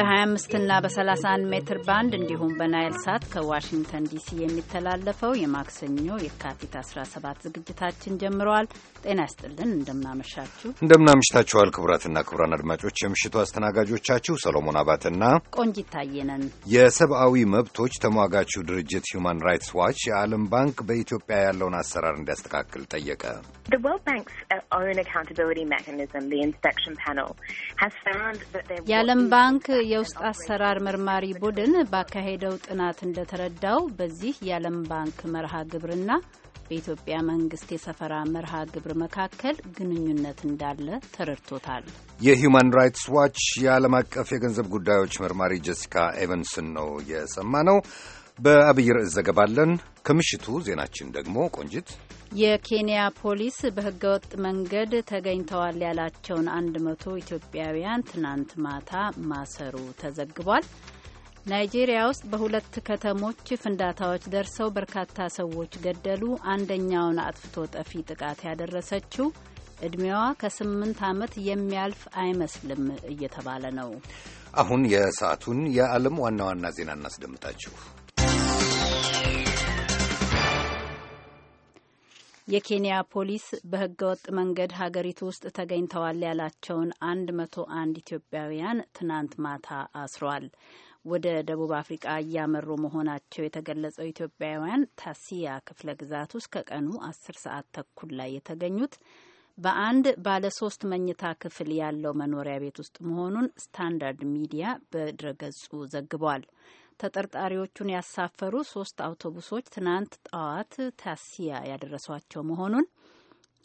በ25 ና በ31 ሜትር ባንድ እንዲሁም በናይል ሳት ከዋሽንግተን ዲሲ የሚተላለፈው የማክሰኞ የካቲት 17 ዝግጅታችን ጀምረዋል። ጤና ይስጥልን። እንደምናመሻችሁ እንደምናምሽታችኋል። ክቡራትና ክቡራን አድማጮች የምሽቱ አስተናጋጆቻችሁ ሰሎሞን አባትና ቆንጂት ታየነን። የሰብአዊ መብቶች ተሟጋቹ ድርጅት ሁማን ራይትስ ዋች የዓለም ባንክ በኢትዮጵያ ያለውን አሰራር እንዲያስተካክል ጠየቀ። የዓለም ባንክ የውስጥ አሰራር መርማሪ ቡድን ባካሄደው ጥናት እንደተረዳው በዚህ የዓለም ባንክ መርሃ ግብርና በኢትዮጵያ መንግስት የሰፈራ መርሃ ግብር መካከል ግንኙነት እንዳለ ተረድቶታል። የሂዩማን ራይትስ ዋች የዓለም አቀፍ የገንዘብ ጉዳዮች መርማሪ ጀሲካ ኤቨንስን ነው የሰማ ነው። በአብይ ርዕስ ዘገባለን። ከምሽቱ ዜናችን ደግሞ ቆንጅት፣ የኬንያ ፖሊስ በህገወጥ መንገድ ተገኝተዋል ያላቸውን አንድ መቶ ኢትዮጵያውያን ትናንት ማታ ማሰሩ ተዘግቧል። ናይጄሪያ ውስጥ በሁለት ከተሞች ፍንዳታዎች ደርሰው በርካታ ሰዎች ገደሉ። አንደኛውን አጥፍቶ ጠፊ ጥቃት ያደረሰችው ዕድሜዋ ከስምንት ዓመት የሚያልፍ አይመስልም እየተባለ ነው። አሁን የሰዓቱን የዓለም ዋና ዋና ዜና እናስደምጣችሁ። የኬንያ ፖሊስ በህገወጥ መንገድ ሀገሪቱ ውስጥ ተገኝተዋል ያላቸውን አንድ መቶ አንድ ኢትዮጵያውያን ትናንት ማታ አስሯል። ወደ ደቡብ አፍሪቃ እያመሩ መሆናቸው የተገለጸው ኢትዮጵያውያን ታሲያ ክፍለ ግዛት ውስጥ ከቀኑ አስር ሰዓት ተኩል ላይ የተገኙት በአንድ ባለሶስት መኝታ ክፍል ያለው መኖሪያ ቤት ውስጥ መሆኑን ስታንዳርድ ሚዲያ በድረገጹ ዘግቧል። ተጠርጣሪዎቹን ያሳፈሩ ሶስት አውቶቡሶች ትናንት ጠዋት ታሲያ ያደረሷቸው መሆኑን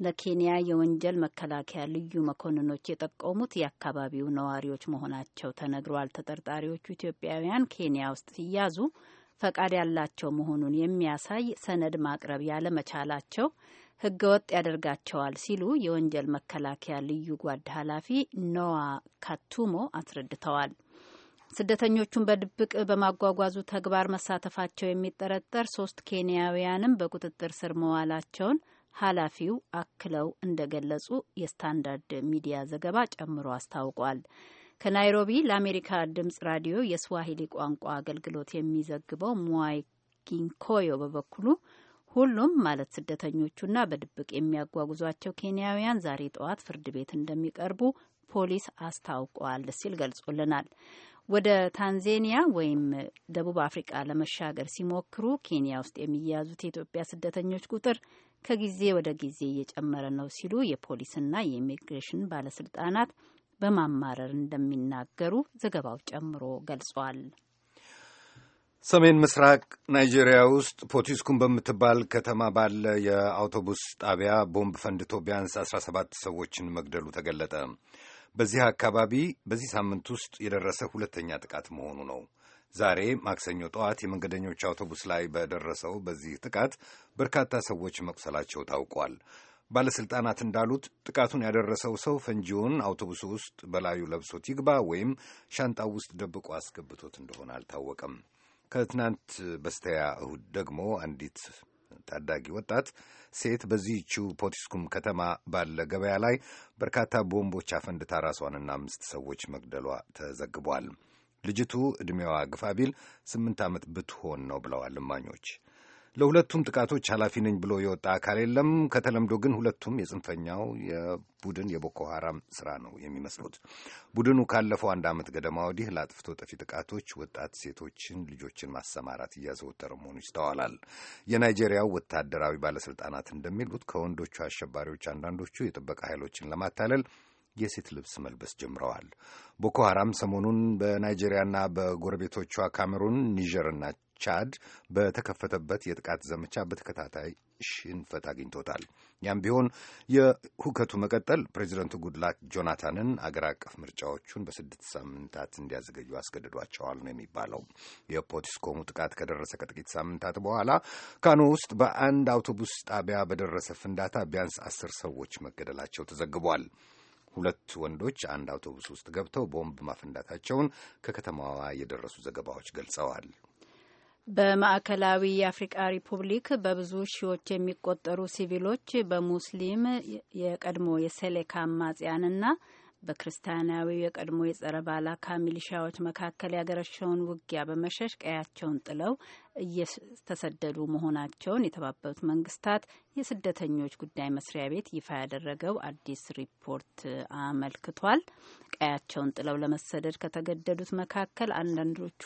ለኬንያ የወንጀል መከላከያ ልዩ መኮንኖች የጠቆሙት የአካባቢው ነዋሪዎች መሆናቸው ተነግሯል። ተጠርጣሪዎቹ ኢትዮጵያውያን ኬንያ ውስጥ ሲያዙ ፈቃድ ያላቸው መሆኑን የሚያሳይ ሰነድ ማቅረብ ያለመቻላቸው ወጥ ያደርጋቸዋል ሲሉ የወንጀል መከላከያ ልዩ ጓድ ኃላፊ ኖዋ ካቱሞ አስረድተዋል። ስደተኞቹን በድብቅ በማጓጓዙ ተግባር መሳተፋቸው የሚጠረጠር ሶስት ኬንያውያንም በቁጥጥር ስር መዋላቸውን ኃላፊው አክለው እንደገለጹ የስታንዳርድ ሚዲያ ዘገባ ጨምሮ አስታውቋል። ከናይሮቢ ለአሜሪካ ድምጽ ራዲዮ የስዋሂሊ ቋንቋ አገልግሎት የሚዘግበው ሙዋይ ጊንኮዮ በበኩሉ ሁሉም ማለት ስደተኞቹና በድብቅ የሚያጓጉዟቸው ኬንያውያን ዛሬ ጠዋት ፍርድ ቤት እንደሚቀርቡ ፖሊስ አስታውቋል ሲል ገልጾልናል። ወደ ታንዜኒያ ወይም ደቡብ አፍሪቃ ለመሻገር ሲሞክሩ ኬንያ ውስጥ የሚያዙት የኢትዮጵያ ስደተኞች ቁጥር ከጊዜ ወደ ጊዜ እየጨመረ ነው ሲሉ የፖሊስና የኢሚግሬሽን ባለስልጣናት በማማረር እንደሚናገሩ ዘገባው ጨምሮ ገልጿል። ሰሜን ምስራቅ ናይጄሪያ ውስጥ ፖቲስኩን በምትባል ከተማ ባለ የአውቶቡስ ጣቢያ ቦምብ ፈንድቶ ቢያንስ 17 ሰዎችን መግደሉ ተገለጠ። በዚህ አካባቢ በዚህ ሳምንት ውስጥ የደረሰ ሁለተኛ ጥቃት መሆኑ ነው። ዛሬ ማክሰኞ ጠዋት የመንገደኞች አውቶቡስ ላይ በደረሰው በዚህ ጥቃት በርካታ ሰዎች መቁሰላቸው ታውቋል። ባለሥልጣናት እንዳሉት ጥቃቱን ያደረሰው ሰው ፈንጂውን አውቶቡሱ ውስጥ በላዩ ለብሶት ይግባ ወይም ሻንጣው ውስጥ ደብቆ አስገብቶት እንደሆነ አልታወቀም። ከትናንት በስተያ እሁድ ደግሞ አንዲት ታዳጊ ወጣት ሴት በዚህችው ፖቲስኩም ከተማ ባለ ገበያ ላይ በርካታ ቦምቦች አፈንድታ ራሷንና አምስት ሰዎች መግደሏ ተዘግቧል። ልጅቱ ዕድሜዋ ግፋ ቢል ስምንት ዓመት ብትሆን ነው ብለዋል እማኞች። ለሁለቱም ጥቃቶች ኃላፊ ነኝ ብሎ የወጣ አካል የለም። ከተለምዶ ግን ሁለቱም የጽንፈኛው የቡድን የቦኮ ሐራም ስራ ነው የሚመስሉት። ቡድኑ ካለፈው አንድ ዓመት ገደማ ወዲህ ለአጥፍቶ ጠፊ ጥቃቶች ወጣት ሴቶችን፣ ልጆችን ማሰማራት እያዘወተረ መሆኑ ይስተዋላል። የናይጄሪያው ወታደራዊ ባለስልጣናት እንደሚሉት ከወንዶቹ አሸባሪዎች አንዳንዶቹ የጥበቃ ኃይሎችን ለማታለል የሴት ልብስ መልበስ ጀምረዋል። ቦኮ ሐራም ሰሞኑን በናይጄሪያና በጎረቤቶቿ ካሜሩን፣ ኒጀርና ቻድ በተከፈተበት የጥቃት ዘመቻ በተከታታይ ሽንፈት አግኝቶታል። ያም ቢሆን የሁከቱ መቀጠል ፕሬዚደንቱ ጉድላክ ጆናታንን አገር አቀፍ ምርጫዎቹን በስድስት ሳምንታት እንዲያዘገዩ አስገድዷቸዋል ነው የሚባለው። የፖቲስኮሙ ጥቃት ከደረሰ ከጥቂት ሳምንታት በኋላ ካኖ ውስጥ በአንድ አውቶቡስ ጣቢያ በደረሰ ፍንዳታ ቢያንስ አስር ሰዎች መገደላቸው ተዘግቧል። ሁለት ወንዶች አንድ አውቶቡስ ውስጥ ገብተው ቦምብ ማፈንዳታቸውን ከከተማዋ የደረሱ ዘገባዎች ገልጸዋል። በማዕከላዊ የአፍሪቃ ሪፑብሊክ በብዙ ሺዎች የሚቆጠሩ ሲቪሎች በሙስሊም የቀድሞ የሴሌካ አማጽያንና በክርስቲያናዊ የቀድሞ የጸረ ባላካ ሚሊሻዎች መካከል ያገረሸውን ውጊያ በመሸሽ ቀያቸውን ጥለው እየተሰደዱ መሆናቸውን የተባበሩት መንግስታት የስደተኞች ጉዳይ መስሪያ ቤት ይፋ ያደረገው አዲስ ሪፖርት አመልክቷል። ቀያቸውን ጥለው ለመሰደድ ከተገደዱት መካከል አንዳንዶቹ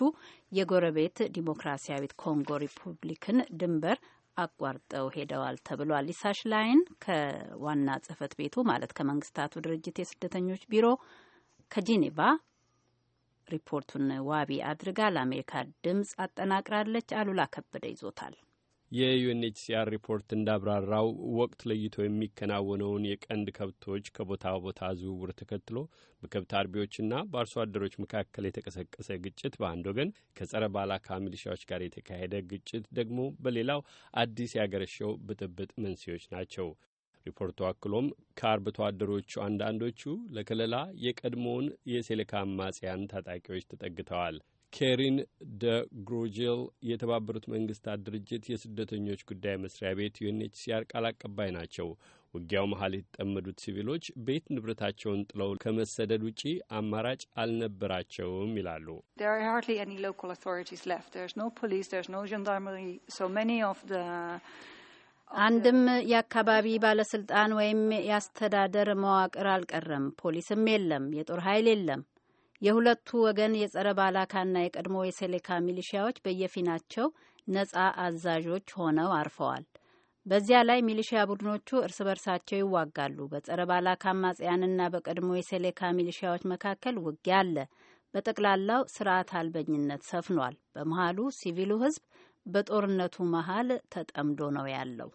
የጎረቤት ዲሞክራሲያዊት ኮንጎ ሪፑብሊክን ድንበር አቋርጠው ሄደዋል ተብሏል። ሊሳሽ ላይን ከዋና ጽህፈት ቤቱ ማለት ከመንግስታቱ ድርጅት የስደተኞች ቢሮ ከጄኔቫ ሪፖርቱን ዋቢ አድርጋ ለአሜሪካ ድምጽ አጠናቅራለች። አሉላ ከበደ ይዞታል። የዩኤንኤችሲአር ሪፖርት እንዳብራራው ወቅት ለይቶ የሚከናወነውን የቀንድ ከብቶች ከቦታ ቦታ ዝውውር ተከትሎ በከብት አርቢዎችና በአርሶ አደሮች መካከል የተቀሰቀሰ ግጭት በአንድ ወገን፣ ከጸረ ባላካ ሚሊሻዎች ጋር የተካሄደ ግጭት ደግሞ በሌላው አዲስ ያገረሸው ብጥብጥ መንስኤዎች ናቸው። ሪፖርቱ አክሎም ከአርብቶ አደሮቹ አንዳንዶቹ ለከለላ የቀድሞውን የሴሌካ አማጽያን ታጣቂዎች ተጠግተዋል። ኬሪን ደ ግሮጄል የተባበሩት መንግስታት ድርጅት የስደተኞች ጉዳይ መስሪያ ቤት ዩኤንኤችሲአር ቃል አቀባይ ናቸው። ውጊያው መሀል የተጠመዱት ሲቪሎች ቤት ንብረታቸውን ጥለው ከመሰደድ ውጪ አማራጭ አልነበራቸውም ይላሉ። አንድም የአካባቢ ባለስልጣን ወይም የአስተዳደር መዋቅር አልቀረም። ፖሊስም የለም። የጦር ኃይል የለም። የሁለቱ ወገን የጸረ ባላካና የቀድሞ የሴሌካ ሚሊሺያዎች በየፊናቸው ነጻ አዛዦች ሆነው አርፈዋል። በዚያ ላይ ሚሊሺያ ቡድኖቹ እርስ በርሳቸው ይዋጋሉ። በጸረ ባላካ አማጽያንና በቀድሞ የሴሌካ ሚሊሺያዎች መካከል ውጊያ አለ። በጠቅላላው ስርዓት አልበኝነት ሰፍኗል። በመሀሉ ሲቪሉ ህዝብ በጦርነቱ መሀል ተጠምዶ ነው ያለው።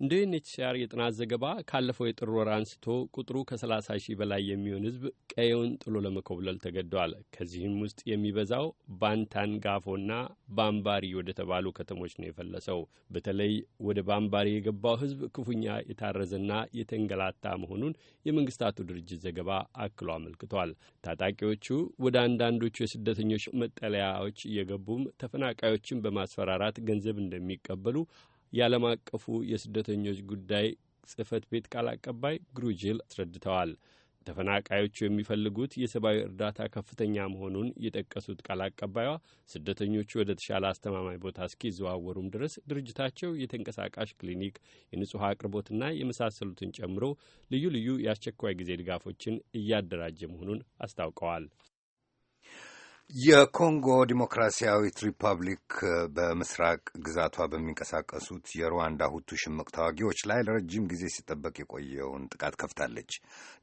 እንደ ዩኤንኤችሲአር የጥናት ዘገባ ካለፈው የጥር ወር አንስቶ ቁጥሩ ከ30 ሺህ በላይ የሚሆን ሕዝብ ቀየውን ጥሎ ለመኮብለል ተገደዋል። ከዚህም ውስጥ የሚበዛው ባንታንጋፎና ባምባሪ ወደ ተባሉ ከተሞች ነው የፈለሰው። በተለይ ወደ ባምባሪ የገባው ሕዝብ ክፉኛ የታረዘና የተንገላታ መሆኑን የመንግስታቱ ድርጅት ዘገባ አክሎ አመልክቷል። ታጣቂዎቹ ወደ አንዳንዶቹ የስደተኞች መጠለያዎች እየገቡም ተፈናቃዮችን በማስፈራራት ገንዘብ እንደሚቀበሉ የዓለም አቀፉ የስደተኞች ጉዳይ ጽህፈት ቤት ቃል አቀባይ ግሩጅል አስረድተዋል። ተፈናቃዮቹ የሚፈልጉት የሰብአዊ እርዳታ ከፍተኛ መሆኑን የጠቀሱት ቃል አቀባይዋ ስደተኞቹ ወደ ተሻለ አስተማማኝ ቦታ እስኪዘዋወሩም ድረስ ድርጅታቸው የተንቀሳቃሽ ክሊኒክ፣ የንጹሕ አቅርቦትና የመሳሰሉትን ጨምሮ ልዩ ልዩ የአስቸኳይ ጊዜ ድጋፎችን እያደራጀ መሆኑን አስታውቀዋል። የኮንጎ ዲሞክራሲያዊት ሪፐብሊክ በምስራቅ ግዛቷ በሚንቀሳቀሱት የሩዋንዳ ሁቱ ሽምቅ ተዋጊዎች ላይ ለረጅም ጊዜ ሲጠበቅ የቆየውን ጥቃት ከፍታለች።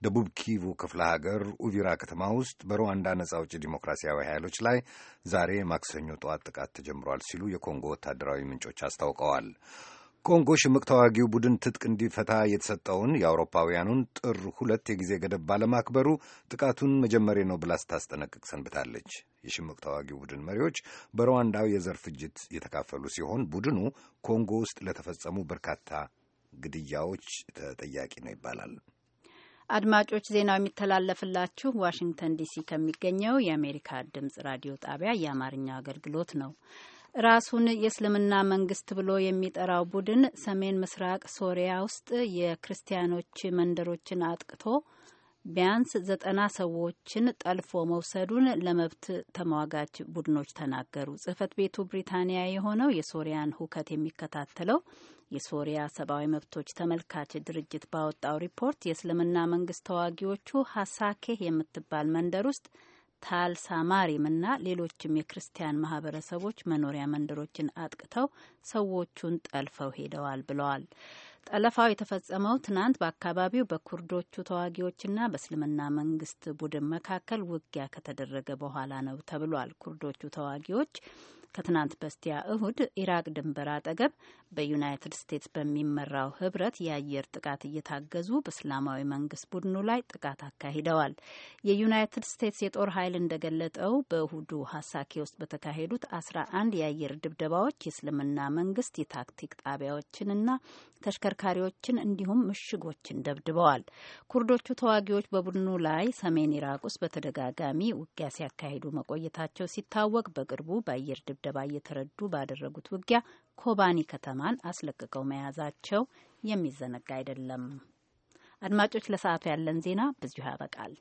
ደቡብ ኪቩ ክፍለ ሀገር ኡቪራ ከተማ ውስጥ በሩዋንዳ ነጻ አውጪ ዲሞክራሲያዊ ኃይሎች ላይ ዛሬ ማክሰኞ ጠዋት ጥቃት ተጀምሯል ሲሉ የኮንጎ ወታደራዊ ምንጮች አስታውቀዋል። ኮንጎ ሽምቅ ተዋጊው ቡድን ትጥቅ እንዲፈታ የተሰጠውን የአውሮፓውያኑን ጥር ሁለት የጊዜ ገደብ ባለማክበሩ ጥቃቱን መጀመሬ ነው ብላ ስታስጠነቅቅ ሰንብታለች። የሽምቅ ተዋጊው ቡድን መሪዎች በሩዋንዳው የዘር ፍጅት የተካፈሉ ሲሆን ቡድኑ ኮንጎ ውስጥ ለተፈጸሙ በርካታ ግድያዎች ተጠያቂ ነው ይባላል። አድማጮች ዜናው የሚተላለፍላችሁ ዋሽንግተን ዲሲ ከሚገኘው የአሜሪካ ድምጽ ራዲዮ ጣቢያ የአማርኛ አገልግሎት ነው። ራሱን የእስልምና መንግስት ብሎ የሚጠራው ቡድን ሰሜን ምስራቅ ሶሪያ ውስጥ የክርስቲያኖች መንደሮችን አጥቅቶ ቢያንስ ዘጠና ሰዎችን ጠልፎ መውሰዱን ለመብት ተሟጋች ቡድኖች ተናገሩ። ጽህፈት ቤቱ ብሪታንያ የሆነው የሶሪያን ሁከት የሚከታተለው የሶሪያ ሰብአዊ መብቶች ተመልካች ድርጅት ባወጣው ሪፖርት የእስልምና መንግስት ተዋጊዎቹ ሀሳኬህ የምትባል መንደር ውስጥ ታልሳማሪም እና ሌሎችም የክርስቲያን ማህበረሰቦች መኖሪያ መንደሮችን አጥቅተው ሰዎቹን ጠልፈው ሄደዋል ብለዋል። ጠለፋው የተፈጸመው ትናንት በአካባቢው በኩርዶቹ ተዋጊዎችና በእስልምና መንግስት ቡድን መካከል ውጊያ ከተደረገ በኋላ ነው ተብሏል። ኩርዶቹ ተዋጊዎች ከትናንት በስቲያ እሁድ ኢራቅ ድንበር አጠገብ በዩናይትድ ስቴትስ በሚመራው ህብረት የአየር ጥቃት እየታገዙ በእስላማዊ መንግስት ቡድኑ ላይ ጥቃት አካሂደዋል። የዩናይትድ ስቴትስ የጦር ኃይል እንደገለጠው በእሁዱ ሀሳኬ ውስጥ በተካሄዱት አስራ አንድ የአየር ድብደባዎች የእስልምና መንግስት የታክቲክ ጣቢያዎችንና ተሽከርካሪዎችን እንዲሁም ምሽጎችን ደብድበዋል። ኩርዶቹ ተዋጊዎች በቡድኑ ላይ ሰሜን ኢራቅ ውስጥ በተደጋጋሚ ውጊያ ሲያካሂዱ መቆየታቸው ሲታወቅ በቅርቡ በአየር ድብ አደባባይ እየተረዱ ባደረጉት ውጊያ ኮባኒ ከተማን አስለቅቀው መያዛቸው የሚዘነጋ አይደለም። አድማጮች፣ ለሰዓቱ ያለን ዜና በዚሁ ያበቃል።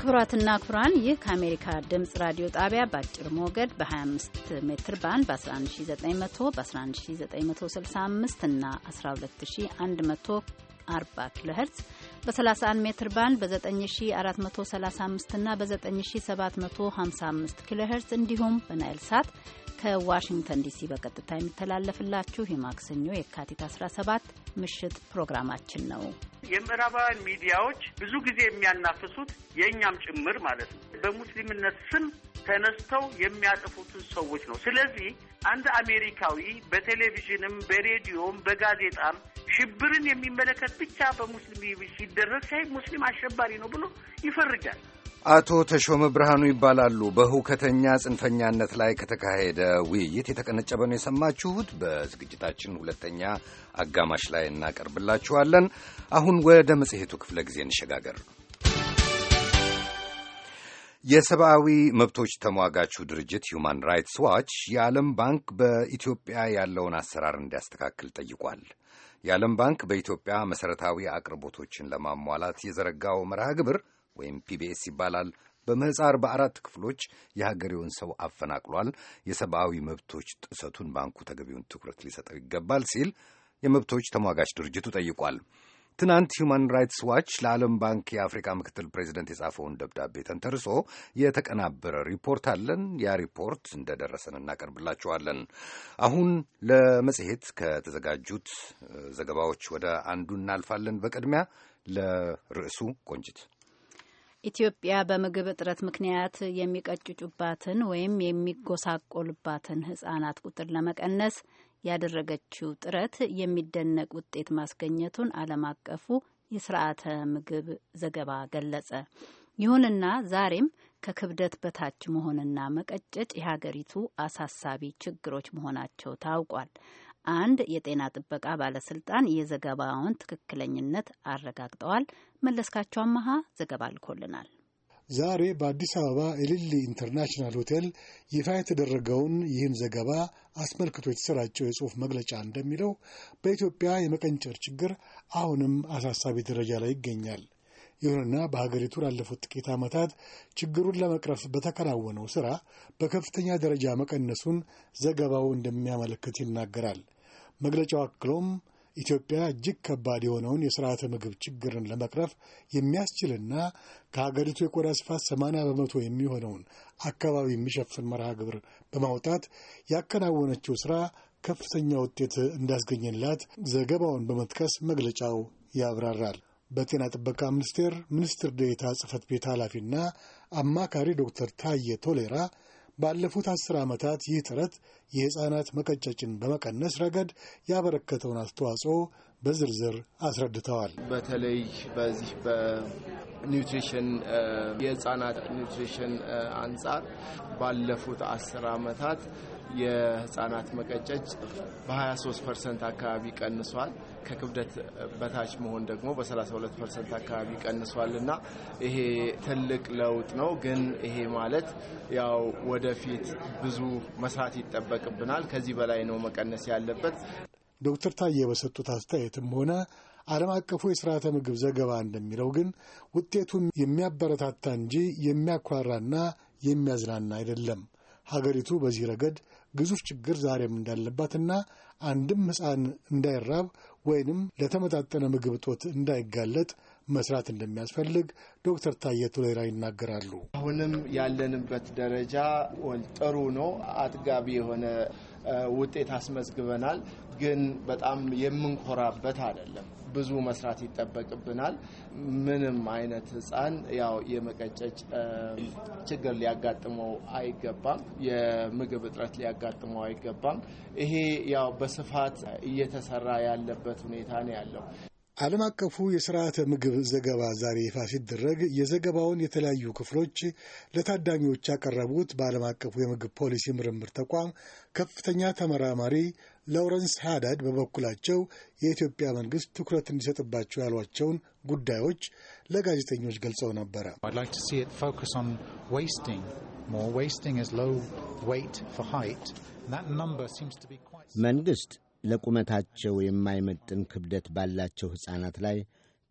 ክቡራትና ክቡራን ይህ ከአሜሪካ ድምፅ ራዲዮ ጣቢያ በአጭር ሞገድ በ25 ሜትር ባንድ በ11900 በ11965 እና 12140 ኪሎ ሄርትዝ በ31 ሜትር ባንድ በ9435 እና በ9755 ኪሎ ሄርትዝ እንዲሁም በናይል ሳት ከዋሽንግተን ዲሲ በቀጥታ የሚተላለፍላችሁ የማክሰኞ የካቲት 17 ምሽት ፕሮግራማችን ነው። የምዕራባውያን ሚዲያዎች ብዙ ጊዜ የሚያናፍሱት የእኛም ጭምር ማለት ነው በሙስሊምነት ስም ተነስተው የሚያጠፉትን ሰዎች ነው። ስለዚህ አንድ አሜሪካዊ በቴሌቪዥንም በሬዲዮም በጋዜጣም ሽብርን የሚመለከት ብቻ በሙስሊም ሲደረግ ሳይ ሙስሊም አሸባሪ ነው ብሎ ይፈርጃል። አቶ ተሾመ ብርሃኑ ይባላሉ። በሁከተኛ ጽንፈኛነት ላይ ከተካሄደ ውይይት የተቀነጨበ ነው የሰማችሁት። በዝግጅታችን ሁለተኛ አጋማሽ ላይ እናቀርብላችኋለን። አሁን ወደ መጽሔቱ ክፍለ ጊዜ እንሸጋገር። የሰብአዊ መብቶች ተሟጋቹ ድርጅት ሁማን ራይትስ ዋች የዓለም ባንክ በኢትዮጵያ ያለውን አሰራር እንዲያስተካክል ጠይቋል። የዓለም ባንክ በኢትዮጵያ መሠረታዊ አቅርቦቶችን ለማሟላት የዘረጋው መርሃ ግብር ወይም ፒቢኤስ ይባላል። በምህፃር በአራት ክፍሎች የሀገሬውን ሰው አፈናቅሏል፣ የሰብአዊ መብቶች ጥሰቱን ባንኩ ተገቢውን ትኩረት ሊሰጠው ይገባል ሲል የመብቶች ተሟጋች ድርጅቱ ጠይቋል። ትናንት ሁማን ራይትስ ዋች ለዓለም ባንክ የአፍሪካ ምክትል ፕሬዚደንት የጻፈውን ደብዳቤ ተንተርሶ የተቀናበረ ሪፖርት አለን። ያ ሪፖርት እንደደረሰን እናቀርብላችኋለን። አሁን ለመጽሔት ከተዘጋጁት ዘገባዎች ወደ አንዱ እናልፋለን። በቅድሚያ ለርዕሱ ቆንጅት ኢትዮጵያ በምግብ እጥረት ምክንያት የሚቀጭጩባትን ወይም የሚጎሳቆልባትን ህጻናት ቁጥር ለመቀነስ ያደረገችው ጥረት የሚደነቅ ውጤት ማስገኘቱን ዓለም አቀፉ የስርዓተ ምግብ ዘገባ ገለጸ። ይሁንና ዛሬም ከክብደት በታች መሆንና መቀጨጭ የሀገሪቱ አሳሳቢ ችግሮች መሆናቸው ታውቋል። አንድ የጤና ጥበቃ ባለስልጣን የዘገባውን ትክክለኝነት አረጋግጠዋል። መለስካቸው አመሃ ዘገባ ልኮልናል። ዛሬ በአዲስ አበባ ኤሊሊ ኢንተርናሽናል ሆቴል ይፋ የተደረገውን ይህን ዘገባ አስመልክቶ የተሰራጨው የጽሑፍ መግለጫ እንደሚለው በኢትዮጵያ የመቀንጨር ችግር አሁንም አሳሳቢ ደረጃ ላይ ይገኛል። ይሁንና በሀገሪቱ ላለፉት ጥቂት ዓመታት ችግሩን ለመቅረፍ በተከናወነው ሥራ በከፍተኛ ደረጃ መቀነሱን ዘገባው እንደሚያመለክት ይናገራል። መግለጫው አክሎም ኢትዮጵያ እጅግ ከባድ የሆነውን የስርዓተ ምግብ ችግርን ለመቅረፍ የሚያስችልና ከሀገሪቱ የቆዳ ስፋት 80 በመቶ የሚሆነውን አካባቢ የሚሸፍን መርሃ ግብር በማውጣት ያከናወነችው ስራ ከፍተኛ ውጤት እንዳስገኘላት ዘገባውን በመጥቀስ መግለጫው ያብራራል። በጤና ጥበቃ ሚኒስቴር ሚኒስትር ዴኤታ ጽህፈት ቤት ኃላፊና አማካሪ ዶክተር ታዬ ቶሌራ ባለፉት አስር ዓመታት ይህ ጥረት የሕፃናት መቀጨጭን በመቀነስ ረገድ ያበረከተውን አስተዋጽኦ በዝርዝር አስረድተዋል። በተለይ በዚህ በኒውትሪሽን የሕፃናት ኒውትሪሽን አንጻር ባለፉት አስር ዓመታት የህጻናት መቀጨጭ በ23 ፐርሰንት አካባቢ ቀንሷል። ከክብደት በታች መሆን ደግሞ በ32 ፐርሰንት አካባቢ ቀንሷል እና ይሄ ትልቅ ለውጥ ነው። ግን ይሄ ማለት ያው ወደፊት ብዙ መስራት ይጠበቅብናል። ከዚህ በላይ ነው መቀነስ ያለበት። ዶክተር ታዬ በሰጡት አስተያየትም ሆነ ዓለም አቀፉ የስርዓተ ምግብ ዘገባ እንደሚለው ግን ውጤቱም የሚያበረታታ እንጂ የሚያኳራና የሚያዝናና አይደለም። ሀገሪቱ በዚህ ረገድ ግዙፍ ችግር ዛሬም እንዳለባትና አንድም ሕፃን እንዳይራብ ወይንም ለተመጣጠነ ምግብ እጦት እንዳይጋለጥ መስራት እንደሚያስፈልግ ዶክተር ታዬ ቱሌራ ይናገራሉ። አሁንም ያለንበት ደረጃ ጥሩ ነው። አጥጋቢ የሆነ ውጤት አስመዝግበናል። ግን በጣም የምንኮራበት አይደለም። ብዙ መስራት ይጠበቅብናል። ምንም አይነት ህፃን ያው የመቀጨጭ ችግር ሊያጋጥመው አይገባም። የምግብ እጥረት ሊያጋጥመው አይገባም። ይሄ ያው በስፋት እየተሰራ ያለበት ሁኔታ ነው ያለው። ዓለም አቀፉ የስርዓተ ምግብ ዘገባ ዛሬ ይፋ ሲደረግ የዘገባውን የተለያዩ ክፍሎች ለታዳሚዎች ያቀረቡት በዓለም አቀፉ የምግብ ፖሊሲ ምርምር ተቋም ከፍተኛ ተመራማሪ ላውረንስ ሃዳድ በበኩላቸው የኢትዮጵያ መንግስት ትኩረት እንዲሰጥባቸው ያሏቸውን ጉዳዮች ለጋዜጠኞች ገልጸው ነበረ። መንግስት ለቁመታቸው የማይመጥን ክብደት ባላቸው ሕፃናት ላይ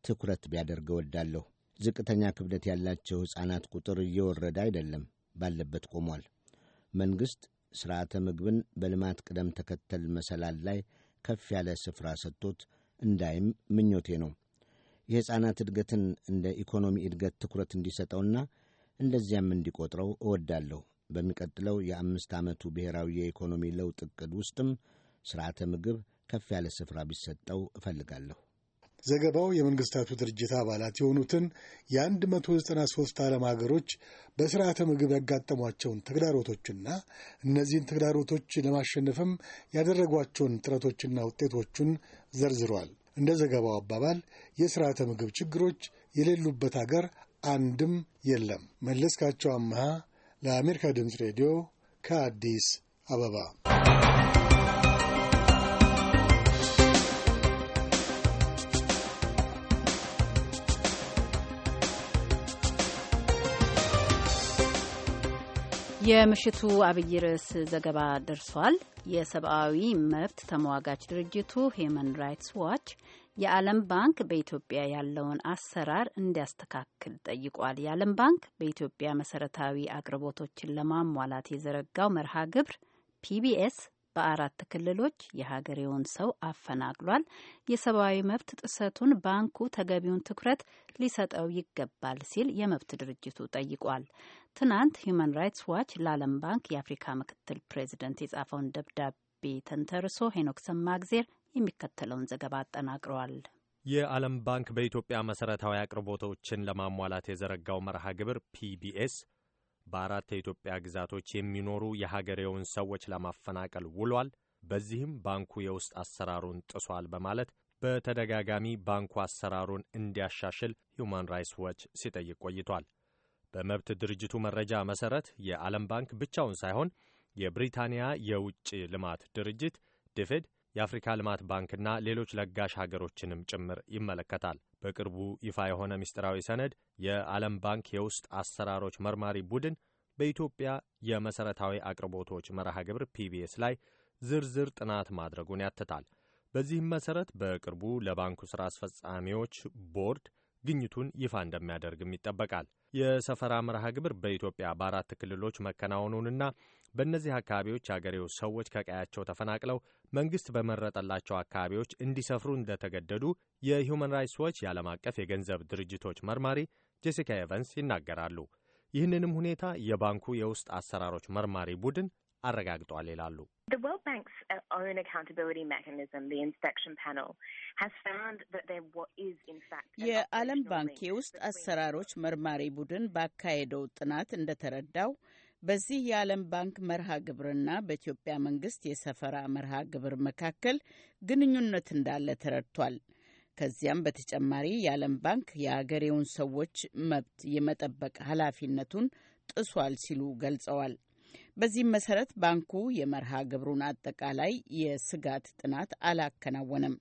ትኩረት ቢያደርግ እወዳለሁ። ዝቅተኛ ክብደት ያላቸው ሕፃናት ቁጥር እየወረደ አይደለም፣ ባለበት ቆሟል። መንግሥት ስርዓተ ምግብን በልማት ቅደም ተከተል መሰላል ላይ ከፍ ያለ ስፍራ ሰጥቶት እንዳይም ምኞቴ ነው። የሕፃናት እድገትን እንደ ኢኮኖሚ እድገት ትኩረት እንዲሰጠውና እንደዚያም እንዲቆጥረው እወዳለሁ። በሚቀጥለው የአምስት ዓመቱ ብሔራዊ የኢኮኖሚ ለውጥ ዕቅድ ውስጥም ስርዓተ ምግብ ከፍ ያለ ስፍራ ቢሰጠው እፈልጋለሁ። ዘገባው የመንግስታቱ ድርጅት አባላት የሆኑትን የ193 ዓለም ሀገሮች በስርዓተ ምግብ ያጋጠሟቸውን ተግዳሮቶችና እነዚህን ተግዳሮቶች ለማሸነፍም ያደረጓቸውን ጥረቶችና ውጤቶቹን ዘርዝሯል። እንደ ዘገባው አባባል የስርዓተ ምግብ ችግሮች የሌሉበት አገር አንድም የለም። መለስካቸው አመሃ ለአሜሪካ ድምፅ ሬዲዮ ከአዲስ አበባ የምሽቱ አብይ ርዕስ ዘገባ ደርሷል። የሰብአዊ መብት ተሟጋች ድርጅቱ ሂዩማን ራይትስ ዋች የዓለም ባንክ በኢትዮጵያ ያለውን አሰራር እንዲያስተካክል ጠይቋል። የዓለም ባንክ በኢትዮጵያ መሰረታዊ አቅርቦቶችን ለማሟላት የዘረጋው መርሃ ግብር ፒቢኤስ በአራት ክልሎች የሀገሬውን ሰው አፈናቅሏል። የሰብአዊ መብት ጥሰቱን ባንኩ ተገቢውን ትኩረት ሊሰጠው ይገባል ሲል የመብት ድርጅቱ ጠይቋል። ትናንት ሂዩማን ራይትስ ዋች ለዓለም ባንክ የአፍሪካ ምክትል ፕሬዚደንት የጻፈውን ደብዳቤ ተንተርሶ ሄኖክ ሰማእግዜር የሚከተለውን ዘገባ አጠናቅረዋል። የዓለም ባንክ በኢትዮጵያ መሠረታዊ አቅርቦቶችን ለማሟላት የዘረጋው መርሃ ግብር ፒቢኤስ በአራት የኢትዮጵያ ግዛቶች የሚኖሩ የሀገሬውን ሰዎች ለማፈናቀል ውሏል፣ በዚህም ባንኩ የውስጥ አሰራሩን ጥሷል በማለት በተደጋጋሚ ባንኩ አሰራሩን እንዲያሻሽል ሁማን ራይትስ ዋች ሲጠይቅ ቆይቷል። በመብት ድርጅቱ መረጃ መሰረት የዓለም ባንክ ብቻውን ሳይሆን የብሪታንያ የውጭ ልማት ድርጅት ድፍድ፣ የአፍሪካ ልማት ባንክና ሌሎች ለጋሽ ሀገሮችንም ጭምር ይመለከታል። በቅርቡ ይፋ የሆነ ምስጢራዊ ሰነድ የዓለም ባንክ የውስጥ አሰራሮች መርማሪ ቡድን በኢትዮጵያ የመሠረታዊ አቅርቦቶች መርሃ ግብር ፒቢኤስ ላይ ዝርዝር ጥናት ማድረጉን ያትታል። በዚህም መሠረት በቅርቡ ለባንኩ ሥራ አስፈጻሚዎች ቦርድ ግኝቱን ይፋ እንደሚያደርግም ይጠበቃል። የሰፈራ መርሃ ግብር በኢትዮጵያ በአራት ክልሎች መከናወኑንና በእነዚህ አካባቢዎች አገሬው ሰዎች ከቀያቸው ተፈናቅለው መንግስት በመረጠላቸው አካባቢዎች እንዲሰፍሩ እንደተገደዱ የሁማን ራይትስ ዎች የዓለም አቀፍ የገንዘብ ድርጅቶች መርማሪ ጄሲካ ኤቨንስ ይናገራሉ። ይህንንም ሁኔታ የባንኩ የውስጥ አሰራሮች መርማሪ ቡድን አረጋግጧል ይላሉ። uh, የዓለም ባንክ የውስጥ አሰራሮች መርማሪ ቡድን ባካሄደው ጥናት እንደተረዳው በዚህ የዓለም ባንክ መርሃ ግብርና በኢትዮጵያ መንግስት የሰፈራ መርሃ ግብር መካከል ግንኙነት እንዳለ ተረድቷል። ከዚያም በተጨማሪ የዓለም ባንክ የአገሬውን ሰዎች መብት የመጠበቅ ኃላፊነቱን ጥሷል ሲሉ ገልጸዋል። በዚህም መሰረት ባንኩ የመርሃ ግብሩን አጠቃላይ የስጋት ጥናት አላከናወነም።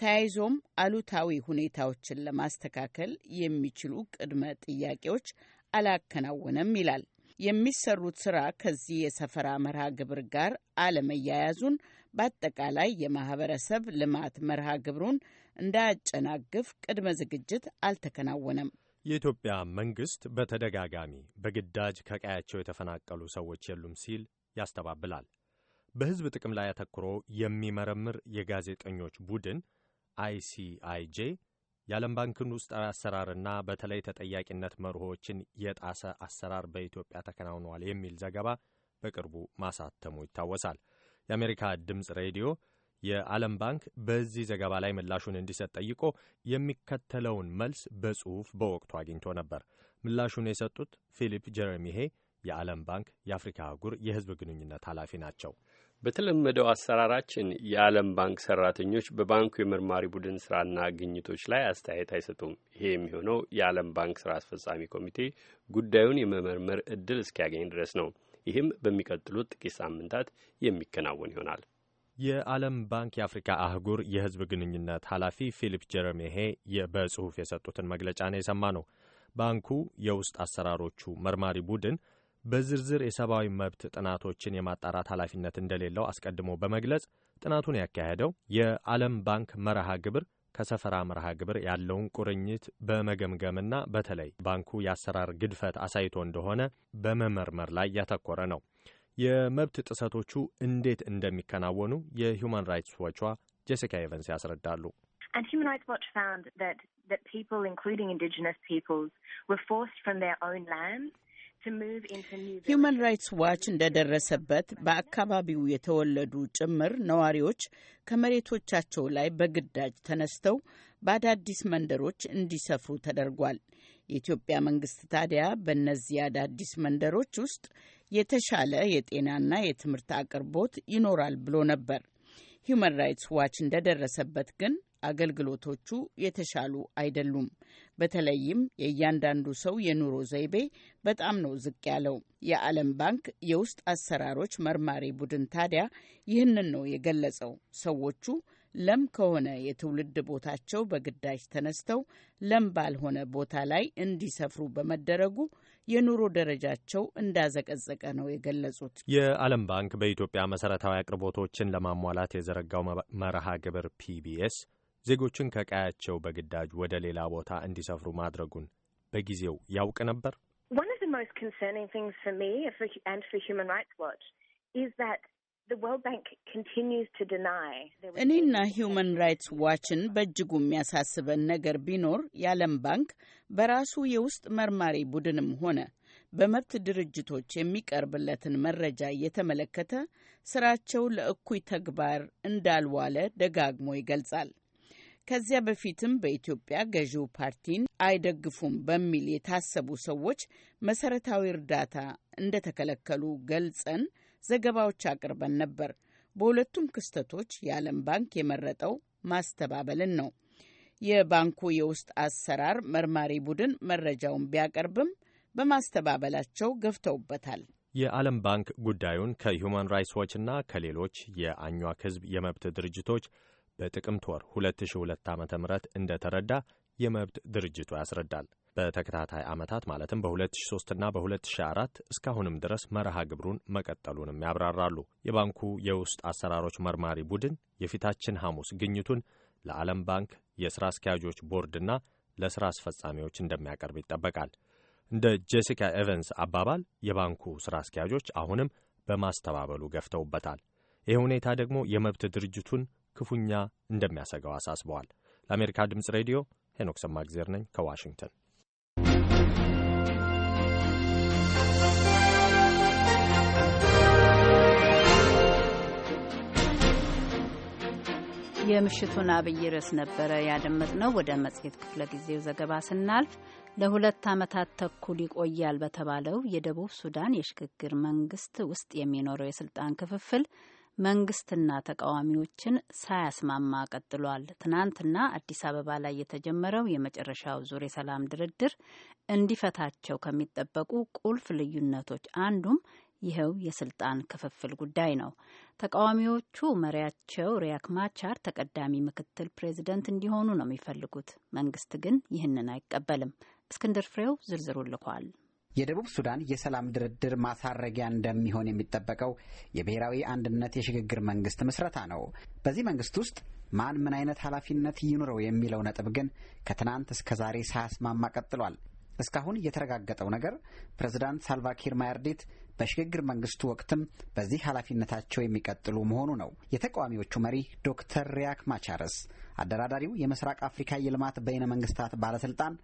ተያይዞም አሉታዊ ሁኔታዎችን ለማስተካከል የሚችሉ ቅድመ ጥያቄዎች አላከናወነም ይላል። የሚሰሩት ስራ ከዚህ የሰፈራ መርሃ ግብር ጋር አለመያያዙን በአጠቃላይ የማህበረሰብ ልማት መርሃ ግብሩን እንዳያጨናግፍ ቅድመ ዝግጅት አልተከናወነም። የኢትዮጵያ መንግሥት በተደጋጋሚ በግዳጅ ከቀያቸው የተፈናቀሉ ሰዎች የሉም ሲል ያስተባብላል። በሕዝብ ጥቅም ላይ አተኩሮ የሚመረምር የጋዜጠኞች ቡድን አይሲአይጄ የዓለም ባንክን ውስጣዊ አሰራርና በተለይ ተጠያቂነት መርሆችን የጣሰ አሰራር በኢትዮጵያ ተከናውኗል የሚል ዘገባ በቅርቡ ማሳተሙ ይታወሳል። የአሜሪካ ድምፅ ሬዲዮ የዓለም ባንክ በዚህ ዘገባ ላይ ምላሹን እንዲሰጥ ጠይቆ የሚከተለውን መልስ በጽሑፍ በወቅቱ አግኝቶ ነበር። ምላሹን የሰጡት ፊሊፕ ጀረሚሄ የዓለም ባንክ የአፍሪካ አህጉር የሕዝብ ግንኙነት ኃላፊ ናቸው። በተለመደው አሰራራችን የዓለም ባንክ ሰራተኞች በባንኩ የመርማሪ ቡድን ስራና ግኝቶች ላይ አስተያየት አይሰጡም። ይሄ የሚሆነው የዓለም ባንክ ስራ አስፈጻሚ ኮሚቴ ጉዳዩን የመመርመር እድል እስኪያገኝ ድረስ ነው። ይህም በሚቀጥሉት ጥቂት ሳምንታት የሚከናወን ይሆናል። የዓለም ባንክ የአፍሪካ አህጉር የህዝብ ግንኙነት ኃላፊ ፊሊፕ ጀረሜሄ በጽሑፍ የሰጡትን መግለጫ ነው የሰማ ነው። ባንኩ የውስጥ አሰራሮቹ መርማሪ ቡድን በዝርዝር የሰብአዊ መብት ጥናቶችን የማጣራት ኃላፊነት እንደሌለው አስቀድሞ በመግለጽ ጥናቱን ያካሄደው የዓለም ባንክ መርሃ ግብር ከሰፈራ መርሃ ግብር ያለውን ቁርኝት በመገምገምና በተለይ ባንኩ የአሰራር ግድፈት አሳይቶ እንደሆነ በመመርመር ላይ ያተኮረ ነው። የመብት ጥሰቶቹ እንዴት እንደሚከናወኑ የሁማን ራይትስ ዋቿ ጄሲካ ኤቨንስ ያስረዳሉ። ሂውማን ራይትስ ዋች እንደደረሰበት በአካባቢው የተወለዱ ጭምር ነዋሪዎች ከመሬቶቻቸው ላይ በግዳጅ ተነስተው በአዳዲስ መንደሮች እንዲሰፍሩ ተደርጓል። የኢትዮጵያ መንግስት ታዲያ በእነዚህ አዳዲስ መንደሮች ውስጥ የተሻለ የጤናና የትምህርት አቅርቦት ይኖራል ብሎ ነበር። ሂዩማን ራይትስ ዋች እንደደረሰበት ግን አገልግሎቶቹ የተሻሉ አይደሉም። በተለይም የእያንዳንዱ ሰው የኑሮ ዘይቤ በጣም ነው ዝቅ ያለው። የዓለም ባንክ የውስጥ አሰራሮች መርማሪ ቡድን ታዲያ ይህንን ነው የገለጸው። ሰዎቹ ለም ከሆነ የትውልድ ቦታቸው በግዳጅ ተነስተው ለም ባልሆነ ቦታ ላይ እንዲሰፍሩ በመደረጉ የኑሮ ደረጃቸው እንዳዘቀዘቀ ነው የገለጹት። የዓለም ባንክ በኢትዮጵያ መሰረታዊ አቅርቦቶችን ለማሟላት የዘረጋው መርሃ ግብር ፒቢኤስ ዜጎችን ከቀያቸው በግዳጅ ወደ ሌላ ቦታ እንዲሰፍሩ ማድረጉን በጊዜው ያውቅ ነበር። One of the most concerning things for me and for Human Rights Watch is that እኔና ሂዩማን ራይትስ ዋችን በእጅጉ የሚያሳስበን ነገር ቢኖር የዓለም ባንክ በራሱ የውስጥ መርማሪ ቡድንም ሆነ በመብት ድርጅቶች የሚቀርብለትን መረጃ እየተመለከተ ስራቸው ለእኩይ ተግባር እንዳልዋለ ደጋግሞ ይገልጻል። ከዚያ በፊትም በኢትዮጵያ ገዢው ፓርቲን አይደግፉም በሚል የታሰቡ ሰዎች መሰረታዊ እርዳታ እንደተከለከሉ ገልጸን ዘገባዎች አቅርበን ነበር። በሁለቱም ክስተቶች የዓለም ባንክ የመረጠው ማስተባበልን ነው። የባንኩ የውስጥ አሰራር መርማሪ ቡድን መረጃውን ቢያቀርብም በማስተባበላቸው ገፍተውበታል። የዓለም ባንክ ጉዳዩን ከሁማን ራይትስ ዎችና ከሌሎች የአኟክ ሕዝብ የመብት ድርጅቶች በጥቅምት ወር 2002 ዓ ም እንደተረዳ የመብት ድርጅቱ ያስረዳል። በተከታታይ ዓመታት ማለትም በ2003 እና በ2004 እስካሁንም ድረስ መርሃ ግብሩን መቀጠሉንም ያብራራሉ። የባንኩ የውስጥ አሰራሮች መርማሪ ቡድን የፊታችን ሐሙስ ግኝቱን ለዓለም ባንክ የሥራ አስኪያጆች ቦርድና ለሥራ አስፈጻሚዎች እንደሚያቀርብ ይጠበቃል። እንደ ጄሲካ ኤቨንስ አባባል የባንኩ ሥራ አስኪያጆች አሁንም በማስተባበሉ ገፍተውበታል። ይህ ሁኔታ ደግሞ የመብት ድርጅቱን ክፉኛ እንደሚያሰገው አሳስበዋል። ለአሜሪካ ድምፅ ሬዲዮ ሄኖክ ሰማግዜር ነኝ ከዋሽንግተን። የምሽቱን አብይ ርዕስ ነበረ ያደመጥነው። ወደ መጽሔት ክፍለ ጊዜው ዘገባ ስናልፍ ለሁለት ዓመታት ተኩል ይቆያል በተባለው የደቡብ ሱዳን የሽግግር መንግስት ውስጥ የሚኖረው የስልጣን ክፍፍል መንግስትና ተቃዋሚዎችን ሳያስማማ ቀጥሏል። ትናንትና አዲስ አበባ ላይ የተጀመረው የመጨረሻው ዙር የሰላም ድርድር እንዲፈታቸው ከሚጠበቁ ቁልፍ ልዩነቶች አንዱም ይኸው የስልጣን ክፍፍል ጉዳይ ነው። ተቃዋሚዎቹ መሪያቸው ሪያክ ማቻር ተቀዳሚ ምክትል ፕሬዚደንት እንዲሆኑ ነው የሚፈልጉት። መንግስት ግን ይህንን አይቀበልም። እስክንድር ፍሬው ዝርዝሩ ልኳል። የደቡብ ሱዳን የሰላም ድርድር ማሳረጊያ እንደሚሆን የሚጠበቀው የብሔራዊ አንድነት የሽግግር መንግስት ምስረታ ነው። በዚህ መንግስት ውስጥ ማን ምን አይነት ኃላፊነት ይኑረው የሚለው ነጥብ ግን ከትናንት እስከ ዛሬ ሳያስማማ ቀጥሏል። እስካሁን የተረጋገጠው ነገር ፕሬዝዳንት ሳልቫኪር ማያርዲት በሽግግር መንግስቱ ወቅትም በዚህ ኃላፊነታቸው የሚቀጥሉ መሆኑ ነው። የተቃዋሚዎቹ መሪ ዶክተር ሪያክ ማቻረስ አደራዳሪው የምስራቅ አፍሪካ የልማት በይነ መንግስታት ባለስልጣን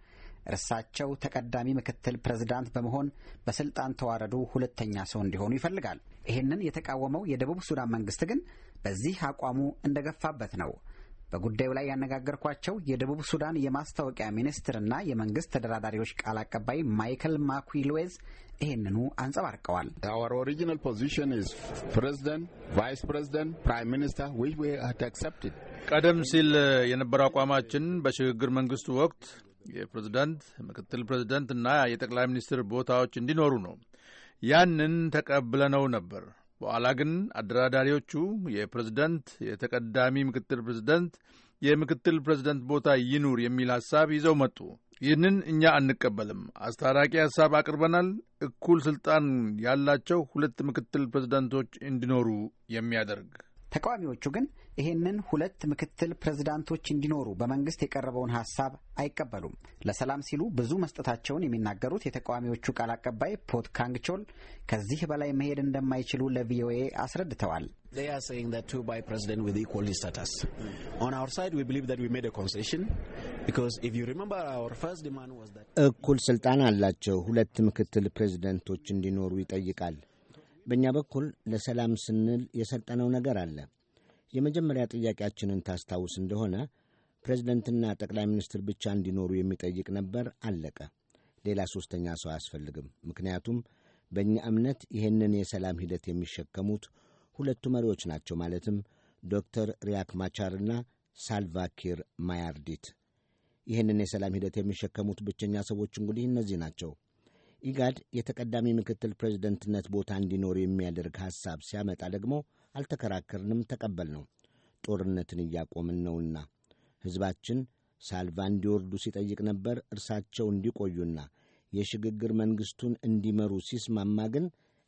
እርሳቸው ተቀዳሚ ምክትል ፕሬዝዳንት በመሆን በስልጣን ተዋረዱ ሁለተኛ ሰው እንዲሆኑ ይፈልጋል። ይህንን የተቃወመው የደቡብ ሱዳን መንግስት ግን በዚህ አቋሙ እንደገፋበት ነው። በጉዳዩ ላይ ያነጋገርኳቸው የደቡብ ሱዳን የማስታወቂያ ሚኒስትርና የመንግስት ተደራዳሪዎች ቃል አቀባይ ማይክል ማኩልዌዝ ይህንኑ አንጸባርቀዋል። አወር ኦሪጂናል ፖዚሽን ኢዝ ፕሬዚደንት፣ ቫይስ ፕሬዚደንት፣ ፕራይም ሚኒስተር ዊች ዊ ሃድ አክሰፕትድ። ቀደም ሲል የነበረው አቋማችን በሽግግር መንግስቱ ወቅት የፕሬዚዳንት ምክትል ፕሬዚዳንትና የጠቅላይ ሚኒስትር ቦታዎች እንዲኖሩ ነው። ያንን ተቀብለነው ነበር። በኋላ ግን አደራዳሪዎቹ የፕሬዝደንት የተቀዳሚ ምክትል ፕሬዝደንት የምክትል ፕሬዝደንት ቦታ ይኑር የሚል ሐሳብ ይዘው መጡ። ይህንን እኛ አንቀበልም። አስታራቂ ሐሳብ አቅርበናል። እኩል ስልጣን ያላቸው ሁለት ምክትል ፕሬዝደንቶች እንዲኖሩ የሚያደርግ ተቃዋሚዎቹ ግን ይህንን ሁለት ምክትል ፕሬዝዳንቶች እንዲኖሩ በመንግስት የቀረበውን ሀሳብ አይቀበሉም። ለሰላም ሲሉ ብዙ መስጠታቸውን የሚናገሩት የተቃዋሚዎቹ ቃል አቀባይ ፖት ካንግቾል ከዚህ በላይ መሄድ እንደማይችሉ ለቪኦኤ አስረድተዋል። እኩል ስልጣን አላቸው። ሁለት ምክትል ፕሬዝደንቶች እንዲኖሩ ይጠይቃል። በእኛ በኩል ለሰላም ስንል የሰጠነው ነገር አለ። የመጀመሪያ ጥያቄያችንን ታስታውስ እንደሆነ ፕሬዝደንትና ጠቅላይ ሚኒስትር ብቻ እንዲኖሩ የሚጠይቅ ነበር። አለቀ። ሌላ ሦስተኛ ሰው አያስፈልግም። ምክንያቱም በእኛ እምነት ይህንን የሰላም ሂደት የሚሸከሙት ሁለቱ መሪዎች ናቸው። ማለትም ዶክተር ሪያክ ማቻርና ሳልቫኪር ማያርዲት። ይህንን የሰላም ሂደት የሚሸከሙት ብቸኛ ሰዎች እንግዲህ እነዚህ ናቸው። ኢጋድ የተቀዳሚ ምክትል ፕሬዚደንትነት ቦታ እንዲኖር የሚያደርግ ሐሳብ ሲያመጣ ደግሞ አልተከራከርንም፣ ተቀበል ነው። ጦርነትን እያቆምን ነውና ሕዝባችን ሳልቫ እንዲወርዱ ሲጠይቅ ነበር። እርሳቸው እንዲቆዩና የሽግግር መንግሥቱን እንዲመሩ ሲስማማ ግን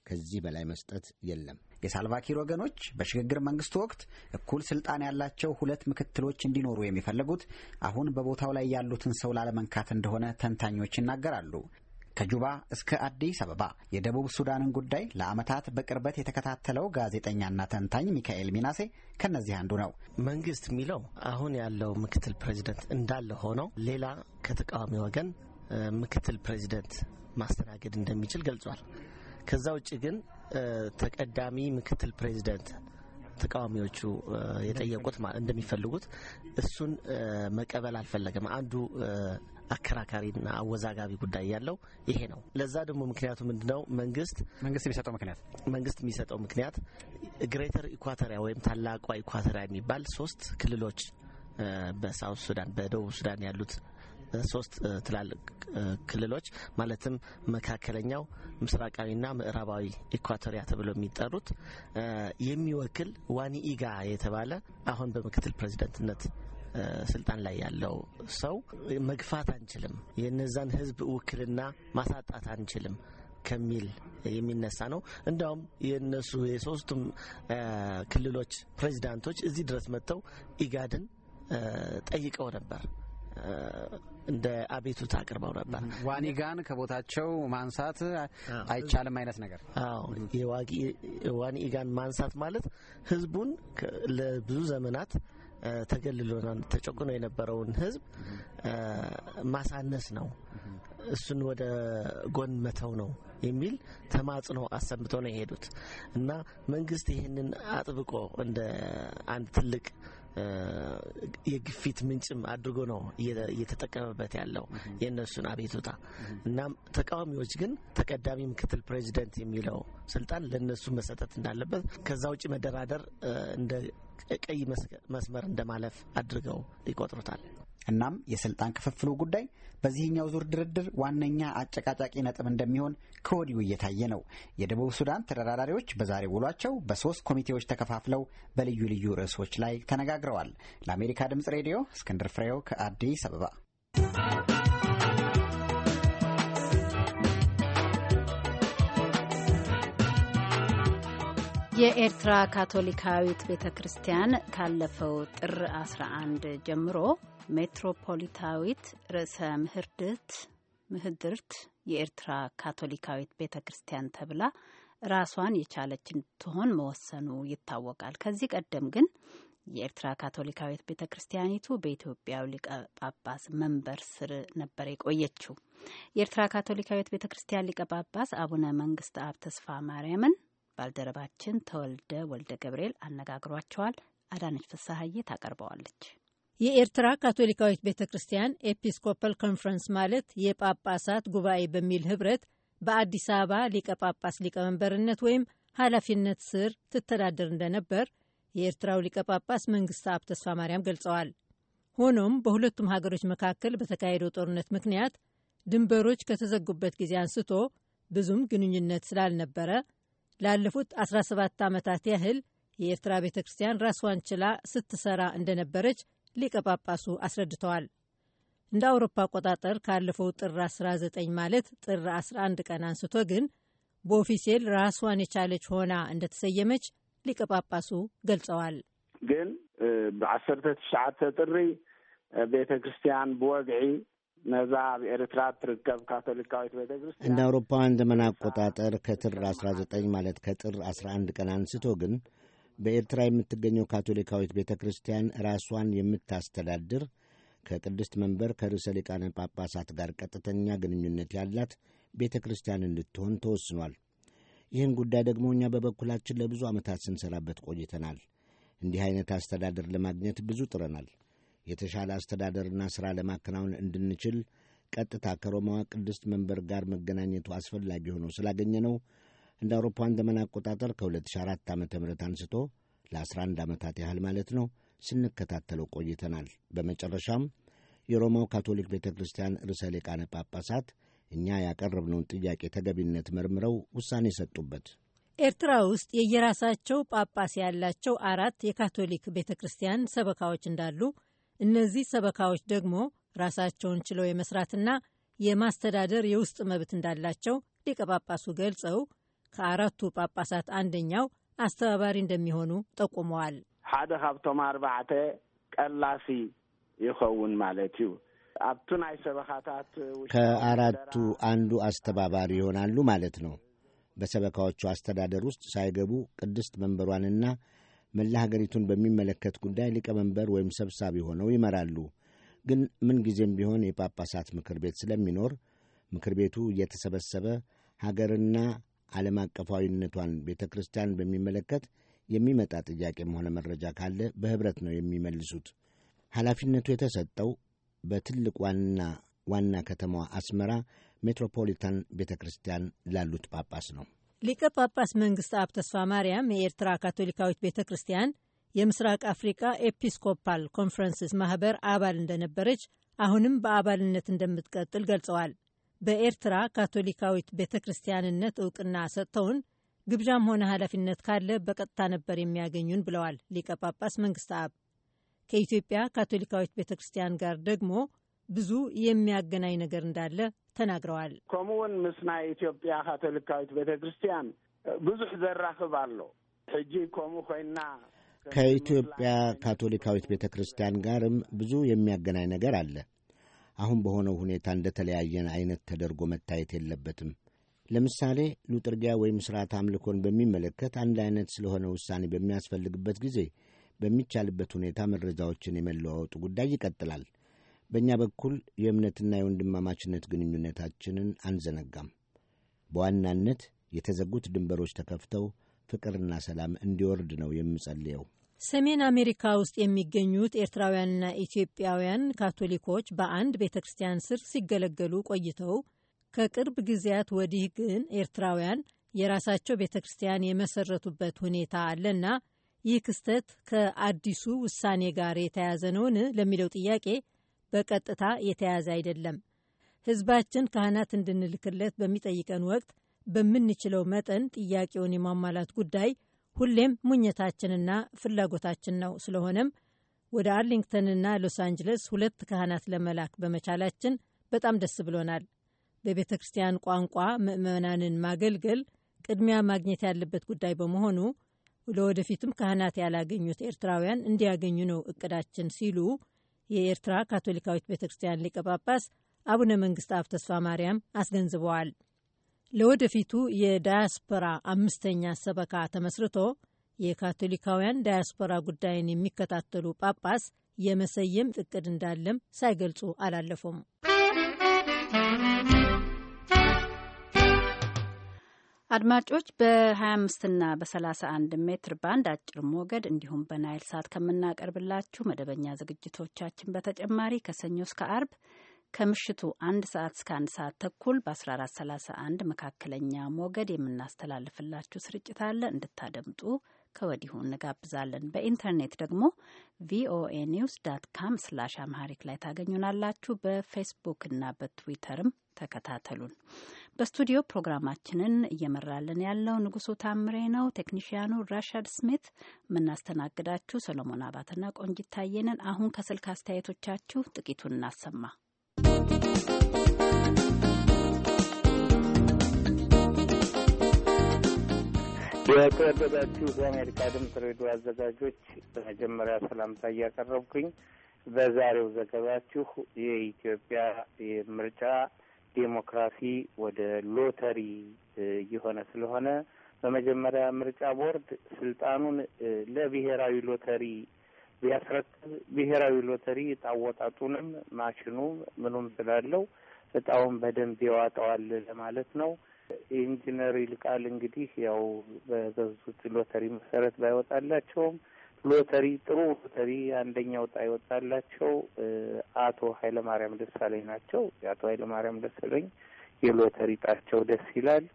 ከዚህ በላይ መስጠት የለም። የሳልቫኪር ወገኖች በሽግግር መንግስቱ ወቅት እኩል ስልጣን ያላቸው ሁለት ምክትሎች እንዲኖሩ የሚፈልጉት አሁን በቦታው ላይ ያሉትን ሰው ላለመንካት እንደሆነ ተንታኞች ይናገራሉ። ከጁባ እስከ አዲስ አበባ የደቡብ ሱዳንን ጉዳይ ለዓመታት በቅርበት የተከታተለው ጋዜጠኛና ተንታኝ ሚካኤል ሚናሴ ከነዚህ አንዱ ነው። መንግስት የሚለው አሁን ያለው ምክትል ፕሬዚደንት እንዳለ ሆነው ሌላ ከተቃዋሚ ወገን ምክትል ፕሬዚደንት ማስተናገድ እንደሚችል ገልጿል። ከዛ ውጭ ግን ተቀዳሚ ምክትል ፕሬዚደንት ተቃዋሚዎቹ የጠየቁት እንደሚፈልጉት እሱን መቀበል አልፈለገም። አንዱ አከራካሪና አወዛጋቢ ጉዳይ ያለው ይሄ ነው። ለዛ ደግሞ ምክንያቱ ምንድነው? መንግስት መንግስት የሚሰጠው ምክንያት መንግስት የሚሰጠው ምክንያት ግሬተር ኢኳቶሪያ ወይም ታላቋ ኢኳቶሪያ የሚባል ሶስት ክልሎች በሳውት ሱዳን በደቡብ ሱዳን ያሉት ሶስት ትላልቅ ክልሎች ማለትም መካከለኛው፣ ምስራቃዊና ምዕራባዊ ኢኳቶሪያ ተብሎ የሚጠሩት የሚወክል ዋኒኢጋ የተባለ አሁን በምክትል ፕሬዚደንትነት ስልጣን ላይ ያለው ሰው መግፋት አንችልም፣ የነዛን ህዝብ ውክልና ማሳጣት አንችልም ከሚል የሚነሳ ነው። እንዲያውም የእነሱ የሶስቱም ክልሎች ፕሬዚዳንቶች እዚህ ድረስ መጥተው ኢጋድን ጠይቀው ነበር። እንደ አቤቱታ አቅርበው ነበር። ዋኒጋን ከቦታቸው ማንሳት አይቻልም አይነት ነገር። አዎ የዋኒጋን ማንሳት ማለት ህዝቡን ለብዙ ዘመናት ተገልሎናል ተጨቁኖ የነበረውን ህዝብ ማሳነስ ነው፣ እሱን ወደ ጎን መተው ነው የሚል ተማጽኖ አሰምተው ነው የሄዱት እና መንግስት ይህንን አጥብቆ እንደ አንድ ትልቅ የግፊት ምንጭም አድርጎ ነው እየተጠቀመበት ያለው የእነሱን አቤቱታ። እናም ተቃዋሚዎች ግን ተቀዳሚ ምክትል ፕሬዚደንት የሚለው ስልጣን ለእነሱ መሰጠት እንዳለበት፣ ከዛ ውጭ መደራደር እንደ ቀይ መስመር እንደማለፍ አድርገው ይቆጥሩታል። እናም የስልጣን ክፍፍሉ ጉዳይ በዚህኛው ዙር ድርድር ዋነኛ አጨቃጫቂ ነጥብ እንደሚሆን ከወዲሁ እየታየ ነው። የደቡብ ሱዳን ተደራዳሪዎች በዛሬ ውሏቸው በሶስት ኮሚቴዎች ተከፋፍለው በልዩ ልዩ ርዕሶች ላይ ተነጋግረዋል። ለአሜሪካ ድምጽ ሬዲዮ እስክንድር ፍሬው ከአዲስ አበባ የኤርትራ ካቶሊካዊት ቤተ ክርስቲያን ካለፈው ጥር 11 ጀምሮ ሜትሮፖሊታዊት ርዕሰ ምህድርት ምህድርት የኤርትራ ካቶሊካዊት ቤተ ክርስቲያን ተብላ ራሷን የቻለች እንድትሆን መወሰኑ ይታወቃል። ከዚህ ቀደም ግን የኤርትራ ካቶሊካዊት ቤተ ክርስቲያኒቱ በኢትዮጵያው ሊቀ ጳጳስ መንበር ስር ነበር የቆየችው። የኤርትራ ካቶሊካዊት ቤተ ክርስቲያን ሊቀ ጳጳስ አቡነ መንግስት አብ ተስፋ ማርያምን ባልደረባችን ተወልደ ወልደ ገብርኤል አነጋግሯቸዋል። አዳነች ፍሳሀዬ ታቀርበዋለች። የኤርትራ ካቶሊካዊት ቤተ ክርስቲያን ኤፒስኮፐል ኮንፈረንስ ማለት የጳጳሳት ጉባኤ በሚል ህብረት በአዲስ አበባ ሊቀ ጳጳስ ሊቀመንበርነት ወይም ኃላፊነት ስር ትተዳደር እንደነበር የኤርትራው ሊቀ ጳጳስ መንግስት አብ ተስፋ ማርያም ገልጸዋል። ሆኖም በሁለቱም ሀገሮች መካከል በተካሄደው ጦርነት ምክንያት ድንበሮች ከተዘጉበት ጊዜ አንስቶ ብዙም ግንኙነት ስላልነበረ ላለፉት 17 ዓመታት ያህል የኤርትራ ቤተ ክርስቲያን ራስዋን ችላ ስትሰራ እንደነበረች ሊቀ ጳጳሱ አስረድተዋል። እንደ አውሮፓ አቆጣጠር ካለፈው ጥር 19 ማለት ጥር 11 ቀን አንስቶ ግን በኦፊሴል ራስዋን የቻለች ሆና እንደተሰየመች ሊቀ ጳጳሱ ገልጸዋል። ግን ብዓሰርተ ትሽዓተ ጥሪ ቤተ ክርስቲያን ብወግዒ ነዛ ኤርትራ ትርከብ ካቶሊካዊት ቤተ ክርስቲያን እንደ አውሮፓውያን ዘመን አቆጣጠር ከጥር 19 ማለት ከጥር 11 ቀን አንስቶ ግን በኤርትራ የምትገኘው ካቶሊካዊት ቤተ ክርስቲያን ራሷን የምታስተዳድር ከቅድስት መንበር ከርዕሰ ሊቃነ ጳጳሳት ጋር ቀጥተኛ ግንኙነት ያላት ቤተ ክርስቲያን እንድትሆን ተወስኗል። ይህን ጉዳይ ደግሞ እኛ በበኩላችን ለብዙ ዓመታት ስንሰራበት ቆይተናል። እንዲህ አይነት አስተዳደር ለማግኘት ብዙ ጥረናል። የተሻለ አስተዳደርና ሥራ ለማከናወን እንድንችል ቀጥታ ከሮማዋ ቅድስት መንበር ጋር መገናኘቱ አስፈላጊ ሆኖ ስላገኘ ነው። እንደ አውሮፓውያን ዘመን አቆጣጠር ከ2004 ዓ ም አንስቶ ለ11 ዓመታት ያህል ማለት ነው ስንከታተለው ቆይተናል። በመጨረሻም የሮማው ካቶሊክ ቤተ ክርስቲያን ርዕሰ ሊቃነ ጳጳሳት እኛ ያቀረብነውን ጥያቄ ተገቢነት መርምረው ውሳኔ ሰጡበት። ኤርትራ ውስጥ የየራሳቸው ጳጳስ ያላቸው አራት የካቶሊክ ቤተ ክርስቲያን ሰበካዎች እንዳሉ እነዚህ ሰበካዎች ደግሞ ራሳቸውን ችለው የመስራትና የማስተዳደር የውስጥ መብት እንዳላቸው ሊቀ ጳጳሱ ገልጸው ከአራቱ ጳጳሳት አንደኛው አስተባባሪ እንደሚሆኑ ጠቁመዋል። ሓደ ካብቶም አርባዕተ ቀላሲ ይኸውን ማለት እዩ ኣብቱ ናይ ሰበካታት ከአራቱ አንዱ አስተባባሪ ይሆናሉ ማለት ነው። በሰበካዎቹ አስተዳደር ውስጥ ሳይገቡ ቅድስት መንበሯንና መላ ሀገሪቱን በሚመለከት ጉዳይ ሊቀመንበር ወይም ሰብሳቢ ሆነው ይመራሉ። ግን ምንጊዜም ቢሆን የጳጳሳት ምክር ቤት ስለሚኖር ምክር ቤቱ እየተሰበሰበ ሀገርና ዓለም አቀፋዊነቷን ቤተ ክርስቲያን በሚመለከት የሚመጣ ጥያቄም ሆነ መረጃ ካለ በኅብረት ነው የሚመልሱት። ኃላፊነቱ የተሰጠው በትልቅ ዋና ዋና ከተማዋ አስመራ ሜትሮፖሊታን ቤተ ክርስቲያን ላሉት ጳጳስ ነው። ሊቀ ጳጳስ መንግስት አብ ተስፋ ማርያም የኤርትራ ካቶሊካዊት ቤተ ክርስቲያን የምስራቅ አፍሪካ ኤፒስኮፓል ኮንፈረንስስ ማህበር አባል እንደነበረች አሁንም በአባልነት እንደምትቀጥል ገልጸዋል። በኤርትራ ካቶሊካዊት ቤተ ክርስቲያንነት እውቅና ሰጥተውን ግብዣም ሆነ ኃላፊነት ካለ በቀጥታ ነበር የሚያገኙን ብለዋል ሊቀ ጳጳስ መንግስት አብ። ከኢትዮጵያ ካቶሊካዊት ቤተ ክርስቲያን ጋር ደግሞ ብዙ የሚያገናኝ ነገር እንዳለ ተናግረዋል። ከምኡውን ምስ ናይ ኢትዮጵያ ካቶሊካዊት ቤተ ክርስቲያን ብዙሕ ዘራኽብ ኣሎ ሕጂ ከምኡ ኮይና ከኢትዮጵያ ካቶሊካዊት ቤተ ክርስቲያን ጋርም ብዙ የሚያገናኝ ነገር አለ። አሁን በሆነው ሁኔታ እንደ ተለያየን አይነት ተደርጎ መታየት የለበትም። ለምሳሌ ሉጥርጊያ ወይም ሥርዓት አምልኮን በሚመለከት አንድ አይነት ስለሆነ ውሳኔ በሚያስፈልግበት ጊዜ በሚቻልበት ሁኔታ መረጃዎችን የመለዋወጡ ጉዳይ ይቀጥላል። በእኛ በኩል የእምነትና የወንድማማችነት ግንኙነታችንን አንዘነጋም። በዋናነት የተዘጉት ድንበሮች ተከፍተው ፍቅርና ሰላም እንዲወርድ ነው የምጸልየው። ሰሜን አሜሪካ ውስጥ የሚገኙት ኤርትራውያንና ኢትዮጵያውያን ካቶሊኮች በአንድ ቤተ ክርስቲያን ስር ሲገለገሉ ቆይተው ከቅርብ ጊዜያት ወዲህ ግን ኤርትራውያን የራሳቸው ቤተ ክርስቲያን የመሰረቱበት ሁኔታ አለና ይህ ክስተት ከአዲሱ ውሳኔ ጋር የተያያዘ ነውን ለሚለው ጥያቄ በቀጥታ የተያዘ አይደለም። ህዝባችን ካህናት እንድንልክለት በሚጠይቀን ወቅት በምንችለው መጠን ጥያቄውን የማሟላት ጉዳይ ሁሌም ሙኘታችንና ፍላጎታችን ነው። ስለሆነም ወደ አርሊንግተንና ሎስ አንጅለስ ሁለት ካህናት ለመላክ በመቻላችን በጣም ደስ ብሎናል። በቤተ ክርስቲያን ቋንቋ ምዕመናንን ማገልገል ቅድሚያ ማግኘት ያለበት ጉዳይ በመሆኑ ለወደፊትም ካህናት ያላገኙት ኤርትራውያን እንዲያገኙ ነው እቅዳችን ሲሉ የኤርትራ ካቶሊካዊት ቤተ ክርስቲያን ሊቀ ጳጳስ አቡነ መንግስት አብ ተስፋ ማርያም አስገንዝበዋል። ለወደፊቱ የዳያስፖራ አምስተኛ ሰበካ ተመስርቶ የካቶሊካውያን ዳያስፖራ ጉዳይን የሚከታተሉ ጳጳስ የመሰየም እቅድ እንዳለም ሳይገልጹ አላለፉም። አድማጮች በ25 ና በ31 ሜትር ባንድ አጭር ሞገድ እንዲሁም በናይል ሳት ከምናቀርብላችሁ መደበኛ ዝግጅቶቻችን በተጨማሪ ከሰኞ እስከ አርብ ከምሽቱ አንድ ሰዓት እስከ አንድ ሰዓት ተኩል በ1431 መካከለኛ ሞገድ የምናስተላልፍላችሁ ስርጭት አለ። እንድታደምጡ ከወዲሁ እንጋብዛለን። በኢንተርኔት ደግሞ ቪኦኤ ኒውስ ዳት ካም ስላሽ አምሃሪክ ላይ ታገኙናላችሁ። በፌስቡክና በትዊተርም ተከታተሉን። በስቱዲዮ ፕሮግራማችንን እየመራልን ያለው ንጉሱ ታምሬ ነው። ቴክኒሽያኑ ራሻድ ስሚት፣ የምናስተናግዳችሁ ሰሎሞን አባትና ቆንጂት ታየንን። አሁን ከስልክ አስተያየቶቻችሁ ጥቂቱን እናሰማ። የተወደዳችሁ የአሜሪካ ድምጽ ሬዲዮ አዘጋጆች በመጀመሪያ ሰላምታ እያቀረብኩኝ በዛሬው ዘገባችሁ የኢትዮጵያ ምርጫ ዴሞክራሲ ወደ ሎተሪ እየሆነ ስለሆነ በመጀመሪያ ምርጫ ቦርድ ስልጣኑን ለብሔራዊ ሎተሪ ቢያስረክብ ብሔራዊ ሎተሪ እጣ አወጣጡንም ማሽኑ ምኑም ስላለው እጣውን በደንብ ያዋጠዋል ለማለት ነው። ኢንጂነር ይልቃል እንግዲህ ያው በገዙት ሎተሪ መሰረት ባይወጣላቸውም ሎተሪ ጥሩ ሎተሪ አንደኛ ወጣ ይወጣላቸው አቶ ኃይለማርያም ደሳለኝ ናቸው። የአቶ ኃይለማርያም ደሳለኝ የሎተሪ ጣቸው ደስ ይላል።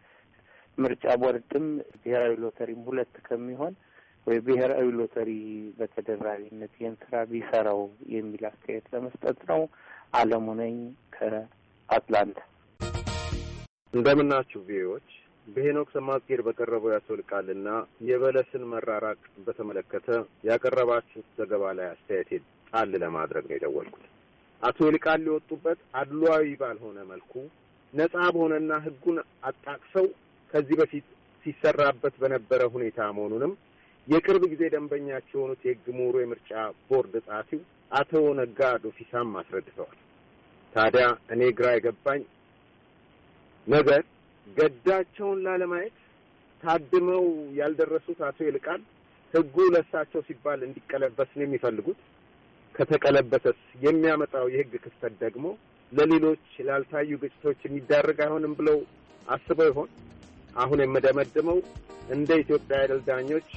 ምርጫ ቦርድም ብሔራዊ ሎተሪም ሁለት ከሚሆን ወይ ብሔራዊ ሎተሪ በተደራቢነት ይህን ስራ ቢሰራው የሚል አስተያየት ለመስጠት ነው። አለሙ ነኝ ከአትላንታ እንደምናችሁ ቪዎች በሄኖክ ሰማዝጌር በቀረበው ያቶ ልቃልና የበለስን መራራቅ በተመለከተ ያቀረባችሁት ዘገባ ላይ አስተያየቴ ጣል ለማድረግ ነው የደወልኩት። አቶ ይልቃል ሊወጡበት አድሏዊ ባልሆነ መልኩ ነጻ በሆነና ሕጉን አጣቅሰው ከዚህ በፊት ሲሰራበት በነበረ ሁኔታ መሆኑንም የቅርብ ጊዜ ደንበኛቸው የሆኑት የሕግ ምሁሩ የምርጫ ቦርድ ጸሐፊው አቶ ነጋ ዶፊሳም አስረድተዋል። ታዲያ እኔ ግራ የገባኝ ነገር ገዳቸውን ላለማየት ታድመው ያልደረሱት አቶ ይልቃል ህጉ ለሳቸው ሲባል እንዲቀለበስ ነው የሚፈልጉት። ከተቀለበሰስ የሚያመጣው የህግ ክፍተት ደግሞ ለሌሎች ላልታዩ ግጭቶች የሚዳርግ አይሆንም ብለው አስበው ይሆን? አሁን የምደመድመው እንደ ኢትዮጵያ አይደል ዳኞች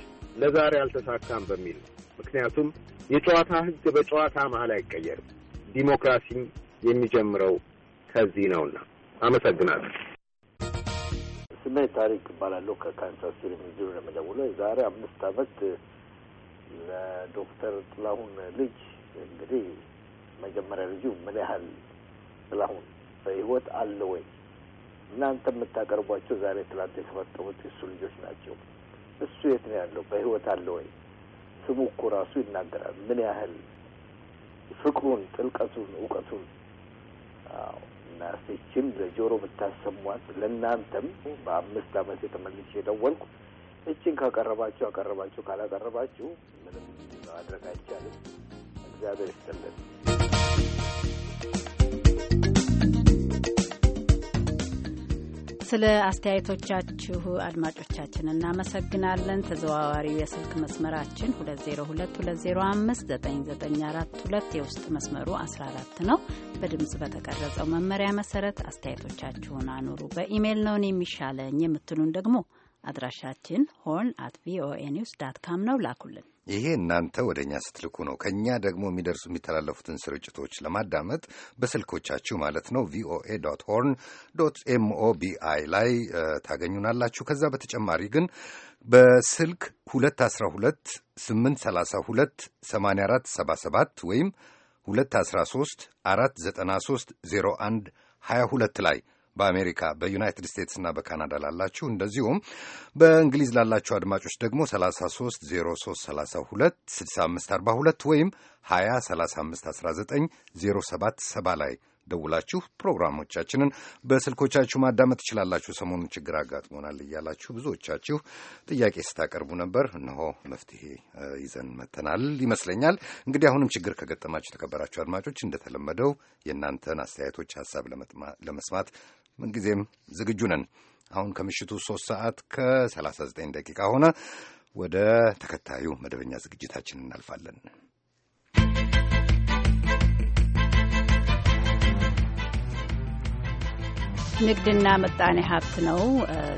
ለዛሬ አልተሳካም በሚል ነው። ምክንያቱም የጨዋታ ህግ በጨዋታ መሀል አይቀየርም። ዲሞክራሲም የሚጀምረው ከዚህ ነውና አመሰግናለሁ። ስሜ ታሪክ ይባላለሁ። ከካንሳስ ሲቲ ሚዙሪ ነው የምደውለው። የዛሬ አምስት አመት ለዶክተር ጥላሁን ልጅ እንግዲህ መጀመሪያ ልጁ ምን ያህል ጥላሁን በህይወት አለ ወይ እናንተ የምታቀርቧቸው ዛሬ ትላንት የተፈጠሩት የእሱ ልጆች ናቸው። እሱ የት ነው ያለው? በህይወት አለ ወይ? ስሙ እኮ ራሱ ይናገራል። ምን ያህል ፍቅሩን፣ ጥልቀቱን፣ እውቀቱን እና ስችም ለጆሮ ብታሰሟት ለእናንተም በአምስት አመት የተመልሼ የደወልኩ እችን ካቀረባችሁ አቀረባችሁ፣ ካላቀረባችሁ ምንም ማድረግ አይቻልም። እግዚአብሔር ይስጥልን። ስለ አስተያየቶቻችሁ አድማጮቻችን እናመሰግናለን። ተዘዋዋሪው የስልክ መስመራችን 2022059942 የውስጥ መስመሩ 14 ነው። በድምፅ በተቀረጸው መመሪያ መሰረት አስተያየቶቻችሁን አኑሩ። በኢሜይል ነውን የሚሻለኝ የምትሉን ደግሞ አድራሻችን ሆርን አት ቪኦኤ ኒውስ ዳት ካም ነው። ላኩልን። ይሄ እናንተ ወደ እኛ ስትልኩ ነው። ከእኛ ደግሞ የሚደርሱ የሚተላለፉትን ስርጭቶች ለማዳመጥ በስልኮቻችሁ ማለት ነው ቪኦኤ ዶት ሆርን ዶት ኤምኦቢአይ ላይ ታገኙናላችሁ። ከዛ በተጨማሪ ግን በስልክ 212 832 8477 ወይም 213 493 01 22 ላይ በአሜሪካ በዩናይትድ ስቴትስ እና በካናዳ ላላችሁ እንደዚሁም በእንግሊዝ ላላችሁ አድማጮች ደግሞ 33 03 32 ወይም 20 19 ላይ ደውላችሁ ፕሮግራሞቻችንን በስልኮቻችሁ ማዳመጥ ትችላላችሁ። ሰሞኑን ችግር አጋጥሞናል እያላችሁ ብዙዎቻችሁ ጥያቄ ስታቀርቡ ነበር። እነሆ መፍትሄ ይዘን መተናል ይመስለኛል። እንግዲህ አሁንም ችግር ከገጠማችሁ የተከበራችሁ አድማጮች፣ እንደተለመደው የእናንተን አስተያየቶች፣ ሀሳብ ለመስማት ምንጊዜም ዝግጁ ነን። አሁን ከምሽቱ ሶስት ሰዓት ከ39 ደቂቃ ሆነ። ወደ ተከታዩ መደበኛ ዝግጅታችን እናልፋለን። ንግድና ምጣኔ ሀብት ነው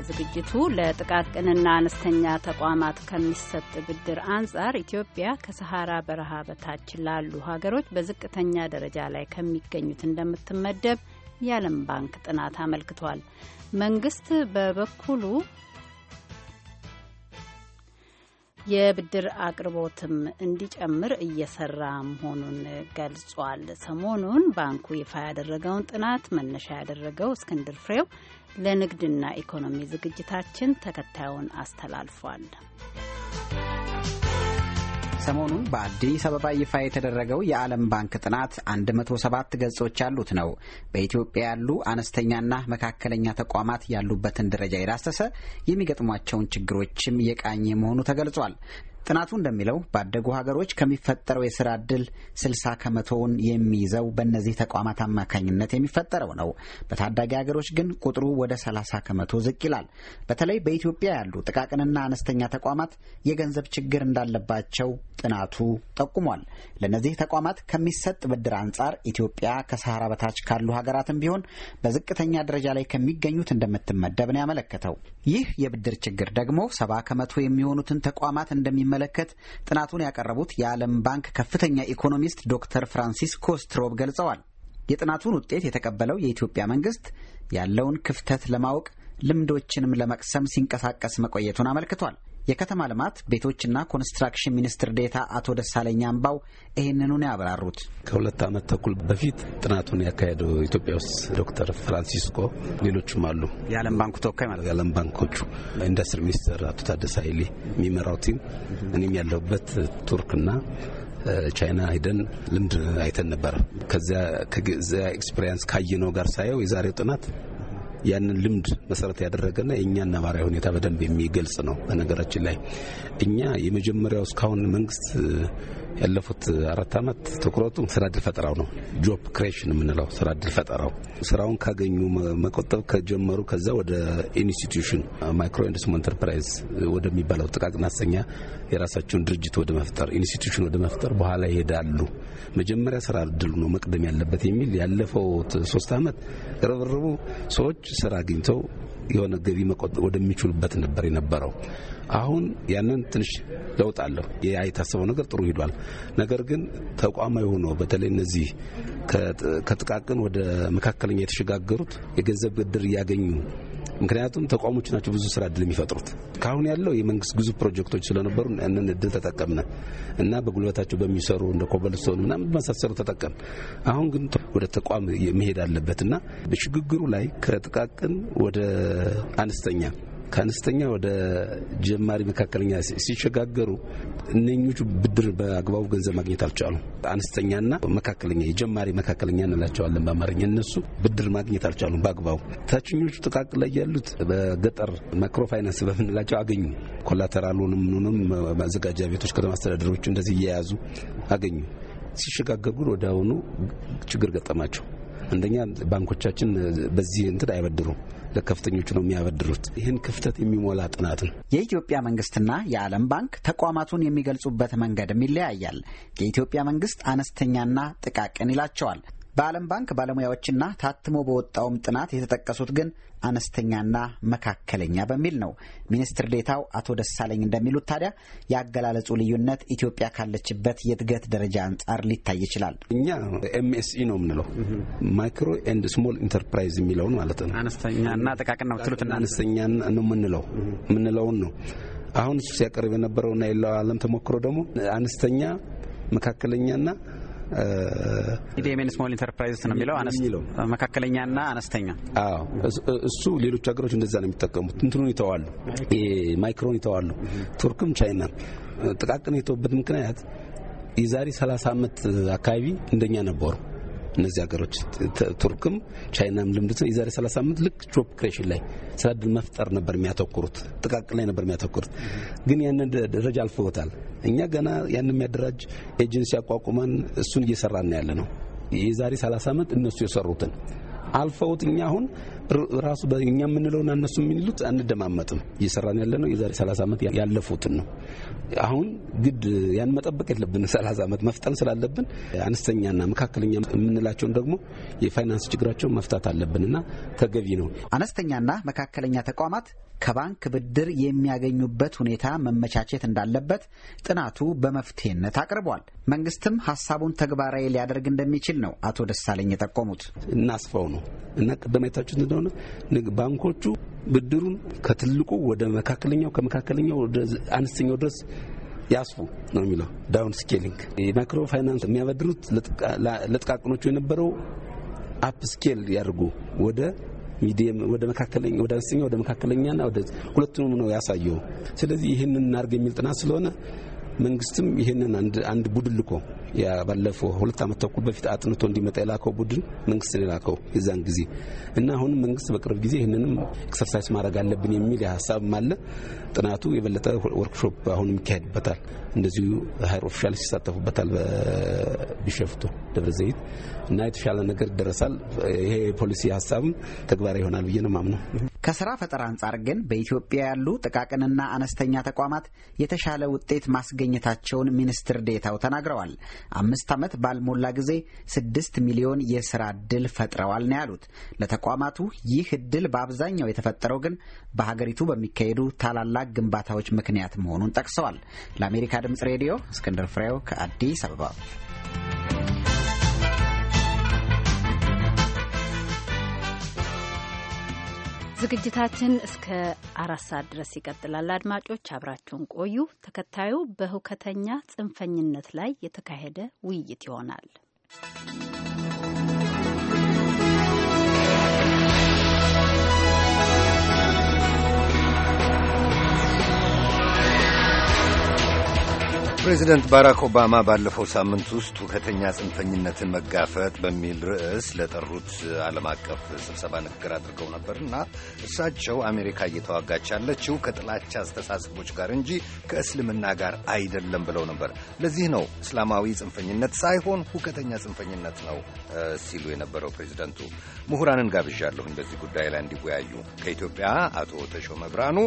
ዝግጅቱ። ለጥቃቅንና አነስተኛ ተቋማት ከሚሰጥ ብድር አንጻር ኢትዮጵያ ከሰሃራ በረሃ በታች ላሉ ሀገሮች በዝቅተኛ ደረጃ ላይ ከሚገኙት እንደምትመደብ የዓለም ባንክ ጥናት አመልክቷል። መንግስት በበኩሉ የብድር አቅርቦትም እንዲጨምር እየሰራ መሆኑን ገልጿል። ሰሞኑን ባንኩ ይፋ ያደረገውን ጥናት መነሻ ያደረገው እስክንድር ፍሬው ለንግድና ኢኮኖሚ ዝግጅታችን ተከታዩን አስተላልፏል። ሰሞኑን በአዲስ አበባ ይፋ የተደረገው የዓለም ባንክ ጥናት 107 ገጾች ያሉት ነው። በኢትዮጵያ ያሉ አነስተኛና መካከለኛ ተቋማት ያሉበትን ደረጃ የዳሰሰ የሚገጥሟቸውን ችግሮችም የቃኘ መሆኑ ተገልጿል። ጥናቱ እንደሚለው ባደጉ ሀገሮች ከሚፈጠረው የስራ እድል 60 ከመቶውን የሚይዘው በእነዚህ ተቋማት አማካኝነት የሚፈጠረው ነው። በታዳጊ ሀገሮች ግን ቁጥሩ ወደ 30 ከመቶ ዝቅ ይላል። በተለይ በኢትዮጵያ ያሉ ጥቃቅንና አነስተኛ ተቋማት የገንዘብ ችግር እንዳለባቸው ጥናቱ ጠቁሟል። ለእነዚህ ተቋማት ከሚሰጥ ብድር አንጻር ኢትዮጵያ ከሰሃራ በታች ካሉ ሀገራትም ቢሆን በዝቅተኛ ደረጃ ላይ ከሚገኙት እንደምትመደብ ነው ያመለከተው። ይህ የብድር ችግር ደግሞ ሰባ ከመቶ የሚሆኑትን ተቋማት እንደሚመ በሚመለከት ጥናቱን ያቀረቡት የዓለም ባንክ ከፍተኛ ኢኮኖሚስት ዶክተር ፍራንሲስኮ ስትሮብ ገልጸዋል። የጥናቱን ውጤት የተቀበለው የኢትዮጵያ መንግስት ያለውን ክፍተት ለማወቅ ልምዶችንም ለመቅሰም ሲንቀሳቀስ መቆየቱን አመልክቷል። የከተማ ልማት ቤቶችና ኮንስትራክሽን ሚኒስትር ዴታ አቶ ደሳለኝ አምባው ይህንኑን ያብራሩት ከሁለት ዓመት ተኩል በፊት ጥናቱን ያካሄደው ኢትዮጵያ ውስጥ ዶክተር ፍራንሲስኮ ሌሎችም አሉ። የዓለም ባንኩ ተወካይ ማለት የዓለም ባንኮቹ ኢንዱስትሪ ሚኒስትር አቶ ታደሰ ኃይሌ የሚመራው ቲም እኔም ያለሁበት ቱርክና ቻይና ሂደን ልምድ አይተን ነበር። ከዚያ ኤክስፔሪንስ ካየነው ጋር ሳየው የዛሬው ጥናት ያንን ልምድ መሰረት ያደረገና የእኛን ነባራዊ ሁኔታ በደንብ የሚገልጽ ነው። በነገራችን ላይ እኛ የመጀመሪያው እስካሁን መንግስት ያለፉት አራት ዓመት ትኩረቱ ስራ እድል ፈጠራው ነው። ጆብ ክሬሽን የምንለው ስራ እድል ፈጠራው ስራውን ካገኙ መቆጠብ ከጀመሩ ከዛ ወደ ኢንስቲትዩሽን ማይክሮ ኤንድ ኢንተርፕራይዝ ወደሚባለው ጥቃቅን አነስተኛ የራሳቸውን ድርጅት ወደ መፍጠር ኢንስቲትዩሽን ወደ መፍጠር በኋላ ይሄዳሉ። መጀመሪያ ስራ እድሉ ነው መቅደም ያለበት የሚል ያለፈው ሶስት ዓመት ርብርቡ ሰዎች ስራ አግኝተው የሆነ ገቢ መቆጠብ ወደሚችሉበት ነበር የነበረው። አሁን ያንን ትንሽ ለውጥ አለው። ያ የታሰበው ነገር ጥሩ ሂዷል። ነገር ግን ተቋማዊ ሆኖ በተለይ እነዚህ ከጥቃቅን ወደ መካከለኛ የተሸጋገሩት የገንዘብ ብድር እያገኙ ምክንያቱም ተቋሞች ናቸው ብዙ ስራ እድል የሚፈጥሩት። ካሁን ያለው የመንግስት ግዙፍ ፕሮጀክቶች ስለነበሩ እንን እድል ተጠቀምነ እና በጉልበታቸው በሚሰሩ እንደ ኮበልስቶን ምናም መሳሰሉ ተጠቀም። አሁን ግን ወደ ተቋም መሄድ አለበትና በሽግግሩ ላይ ከጥቃቅን ወደ አነስተኛ ከአነስተኛ ወደ ጀማሪ መካከለኛ ሲሸጋገሩ እነኞቹ ብድር በአግባቡ ገንዘብ ማግኘት አልቻሉ። አነስተኛና መካከለኛ የጀማሪ መካከለኛ እንላቸዋለን በአማርኛ እነሱ ብድር ማግኘት አልቻሉም በአግባቡ። ታችኞቹ ጥቃቅ ላይ ያሉት በገጠር ማይክሮ ፋይናንስ በምንላቸው አገኙ። ኮላተራሉንም ምኑንም ማዘጋጃ ቤቶች፣ ከተማ አስተዳደሮች እንደዚህ እየያዙ አገኙ። ሲሸጋገሩ ወደ አሁኑ ችግር ገጠማቸው። አንደኛ ባንኮቻችን በዚህ እንትን አይበድሩም። ለከፍተኞቹ ነው የሚያበድሩት። ይህን ክፍተት የሚሞላ ጥናት ነው። የኢትዮጵያ መንግስትና የዓለም ባንክ ተቋማቱን የሚገልጹበት መንገድም ይለያያል። የኢትዮጵያ መንግስት አነስተኛና ጥቃቅን ይላቸዋል። በዓለም ባንክ ባለሙያዎችና ታትሞ በወጣውም ጥናት የተጠቀሱት ግን አነስተኛና መካከለኛ በሚል ነው። ሚኒስትር ዴታው አቶ ደሳለኝ እንደሚሉት ታዲያ የአገላለጹ ልዩነት ኢትዮጵያ ካለችበት የእድገት ደረጃ አንጻር ሊታይ ይችላል። እኛ ኤምኤስኢ ነው የምንለው ማይክሮ ኤንድ ስሞል ኢንተርፕራይዝ የሚለውን ማለት ነው። አነስተኛና ጥቃቅን ነው ትሉት አነስተኛ ነው የምንለው የምንለውን ነው። አሁን እሱ ሲያቀርብ የነበረውና የለው ዓለም ተሞክሮ ደግሞ አነስተኛ መካከለኛና ሚዲየም ስሞል ኢንተርፕራይዝስ ነው የሚለው መካከለኛና አነስተኛ። አዎ እሱ ሌሎች ሀገሮች እንደዛ ነው የሚጠቀሙት። እንትኑን ይተዋሉ፣ ማይክሮን ይተዋሉ። ቱርክም ቻይና ጥቃቅን የተውበት ምክንያት የዛሬ 30 ዓመት አካባቢ እንደኛ ነበሩ። እነዚህ ሀገሮች ቱርክም ቻይናም ልምድት ነው። የዛሬ ሰላሳ ዓመት ልክ ጆብ ክሬሽን ላይ ስራ ዕድል መፍጠር ነበር የሚያተኩሩት፣ ጥቃቅን ላይ ነበር የሚያተኩሩት። ግን ያንን ደረጃ አልፈውታል። እኛ ገና ያን የሚያደራጅ ኤጀንሲ አቋቁመን እሱን እየሰራን ያለ ነው። የዛሬ 30 ዓመት እነሱ የሰሩትን አልፈውት እኛ አሁን ራሱ በእኛ የምንለውና እነሱ የሚሉት አንደማመጥም። እየሰራን ያለ ነው የዛሬ 30 ዓመት ያለፉትን ነው። አሁን ግድ ያን መጠበቅ የለብን። 30 ዓመት መፍጠን ስላለብን አነስተኛና መካከለኛ የምንላቸውን ደግሞ የፋይናንስ ችግራቸውን መፍታት አለብንና ተገቢ ነው። አነስተኛና መካከለኛ ተቋማት ከባንክ ብድር የሚያገኙበት ሁኔታ መመቻቸት እንዳለበት ጥናቱ በመፍትሄነት አቅርቧል። መንግስትም ሀሳቡን ተግባራዊ ሊያደርግ እንደሚችል ነው አቶ ደሳለኝ የጠቆሙት። እናስፋው ነው እና ቅድም አይታችሁት እንደሆነ ባንኮቹ ብድሩን ከትልቁ ወደ መካከለኛው ከመካከለኛው ወደ አነስተኛው ድረስ ያስፉ ነው የሚለው ዳውን ስኬሊንግ። የማይክሮ ፋይናንስ የሚያበድሩት ለጥቃቅኖቹ የነበረው አፕ ስኬል ያድርጉ ወደ ሚዲየም ወደ መካከለኛ ወደ አነስተኛ ወደ መካከለኛና ወደ ሁለቱንም ነው ያሳየው። ስለዚህ ይህንን እናርግ የሚል ጥናት ስለሆነ መንግስትም ይህንን አንድ ቡድን ልኮ ባለፈው ሁለት ዓመት ተኩል በፊት አጥንቶ እንዲመጣ የላከው ቡድን መንግስት የላከው የዛን ጊዜ እና አሁንም መንግስት በቅርብ ጊዜ ይህንንም ኤክሰርሳይዝ ማድረግ አለብን የሚል ሀሳብም አለ። ጥናቱ የበለጠ ወርክሾፕ አሁንም ይካሄድበታል። እንደዚሁ ሀይር ኦፊሻሎች ይሳተፉበታል። በቢሸፍቱ ደብረ ዘይት እና የተሻለ ነገር ይደረሳል። ይሄ የፖሊሲ ሀሳብም ተግባራዊ ይሆናል ብዬ ነው ከስራ ፈጠራ አንጻር ግን በኢትዮጵያ ያሉ ጥቃቅንና አነስተኛ ተቋማት የተሻለ ውጤት ማስገኘታቸውን ሚኒስትር ዴታው ተናግረዋል። አምስት ዓመት ባልሞላ ጊዜ ስድስት ሚሊዮን የስራ እድል ፈጥረዋል ነው ያሉት። ለተቋማቱ ይህ እድል በአብዛኛው የተፈጠረው ግን በሀገሪቱ በሚካሄዱ ታላላቅ ግንባታዎች ምክንያት መሆኑን ጠቅሰዋል። ለአሜሪካ ድምጽ ሬዲዮ እስክንድር ፍሬው ከአዲስ አበባ ዝግጅታችን እስከ አራት ሰዓት ድረስ ይቀጥላል። አድማጮች አብራችሁን ቆዩ። ተከታዩ በሁከተኛ ጽንፈኝነት ላይ የተካሄደ ውይይት ይሆናል። ፕሬዚደንት ባራክ ኦባማ ባለፈው ሳምንት ውስጥ ሁከተኛ ጽንፈኝነትን መጋፈጥ በሚል ርዕስ ለጠሩት ዓለም አቀፍ ስብሰባ ንግግር አድርገው ነበርና እሳቸው አሜሪካ እየተዋጋች ያለችው ከጥላቻ አስተሳሰቦች ጋር እንጂ ከእስልምና ጋር አይደለም ብለው ነበር። ለዚህ ነው እስላማዊ ጽንፈኝነት ሳይሆን ሁከተኛ ጽንፈኝነት ነው ሲሉ የነበረው ፕሬዚደንቱ። ምሁራንን ጋብዣለሁኝ በዚህ ጉዳይ ላይ እንዲወያዩ ከኢትዮጵያ አቶ ተሾመ ብርሃኑ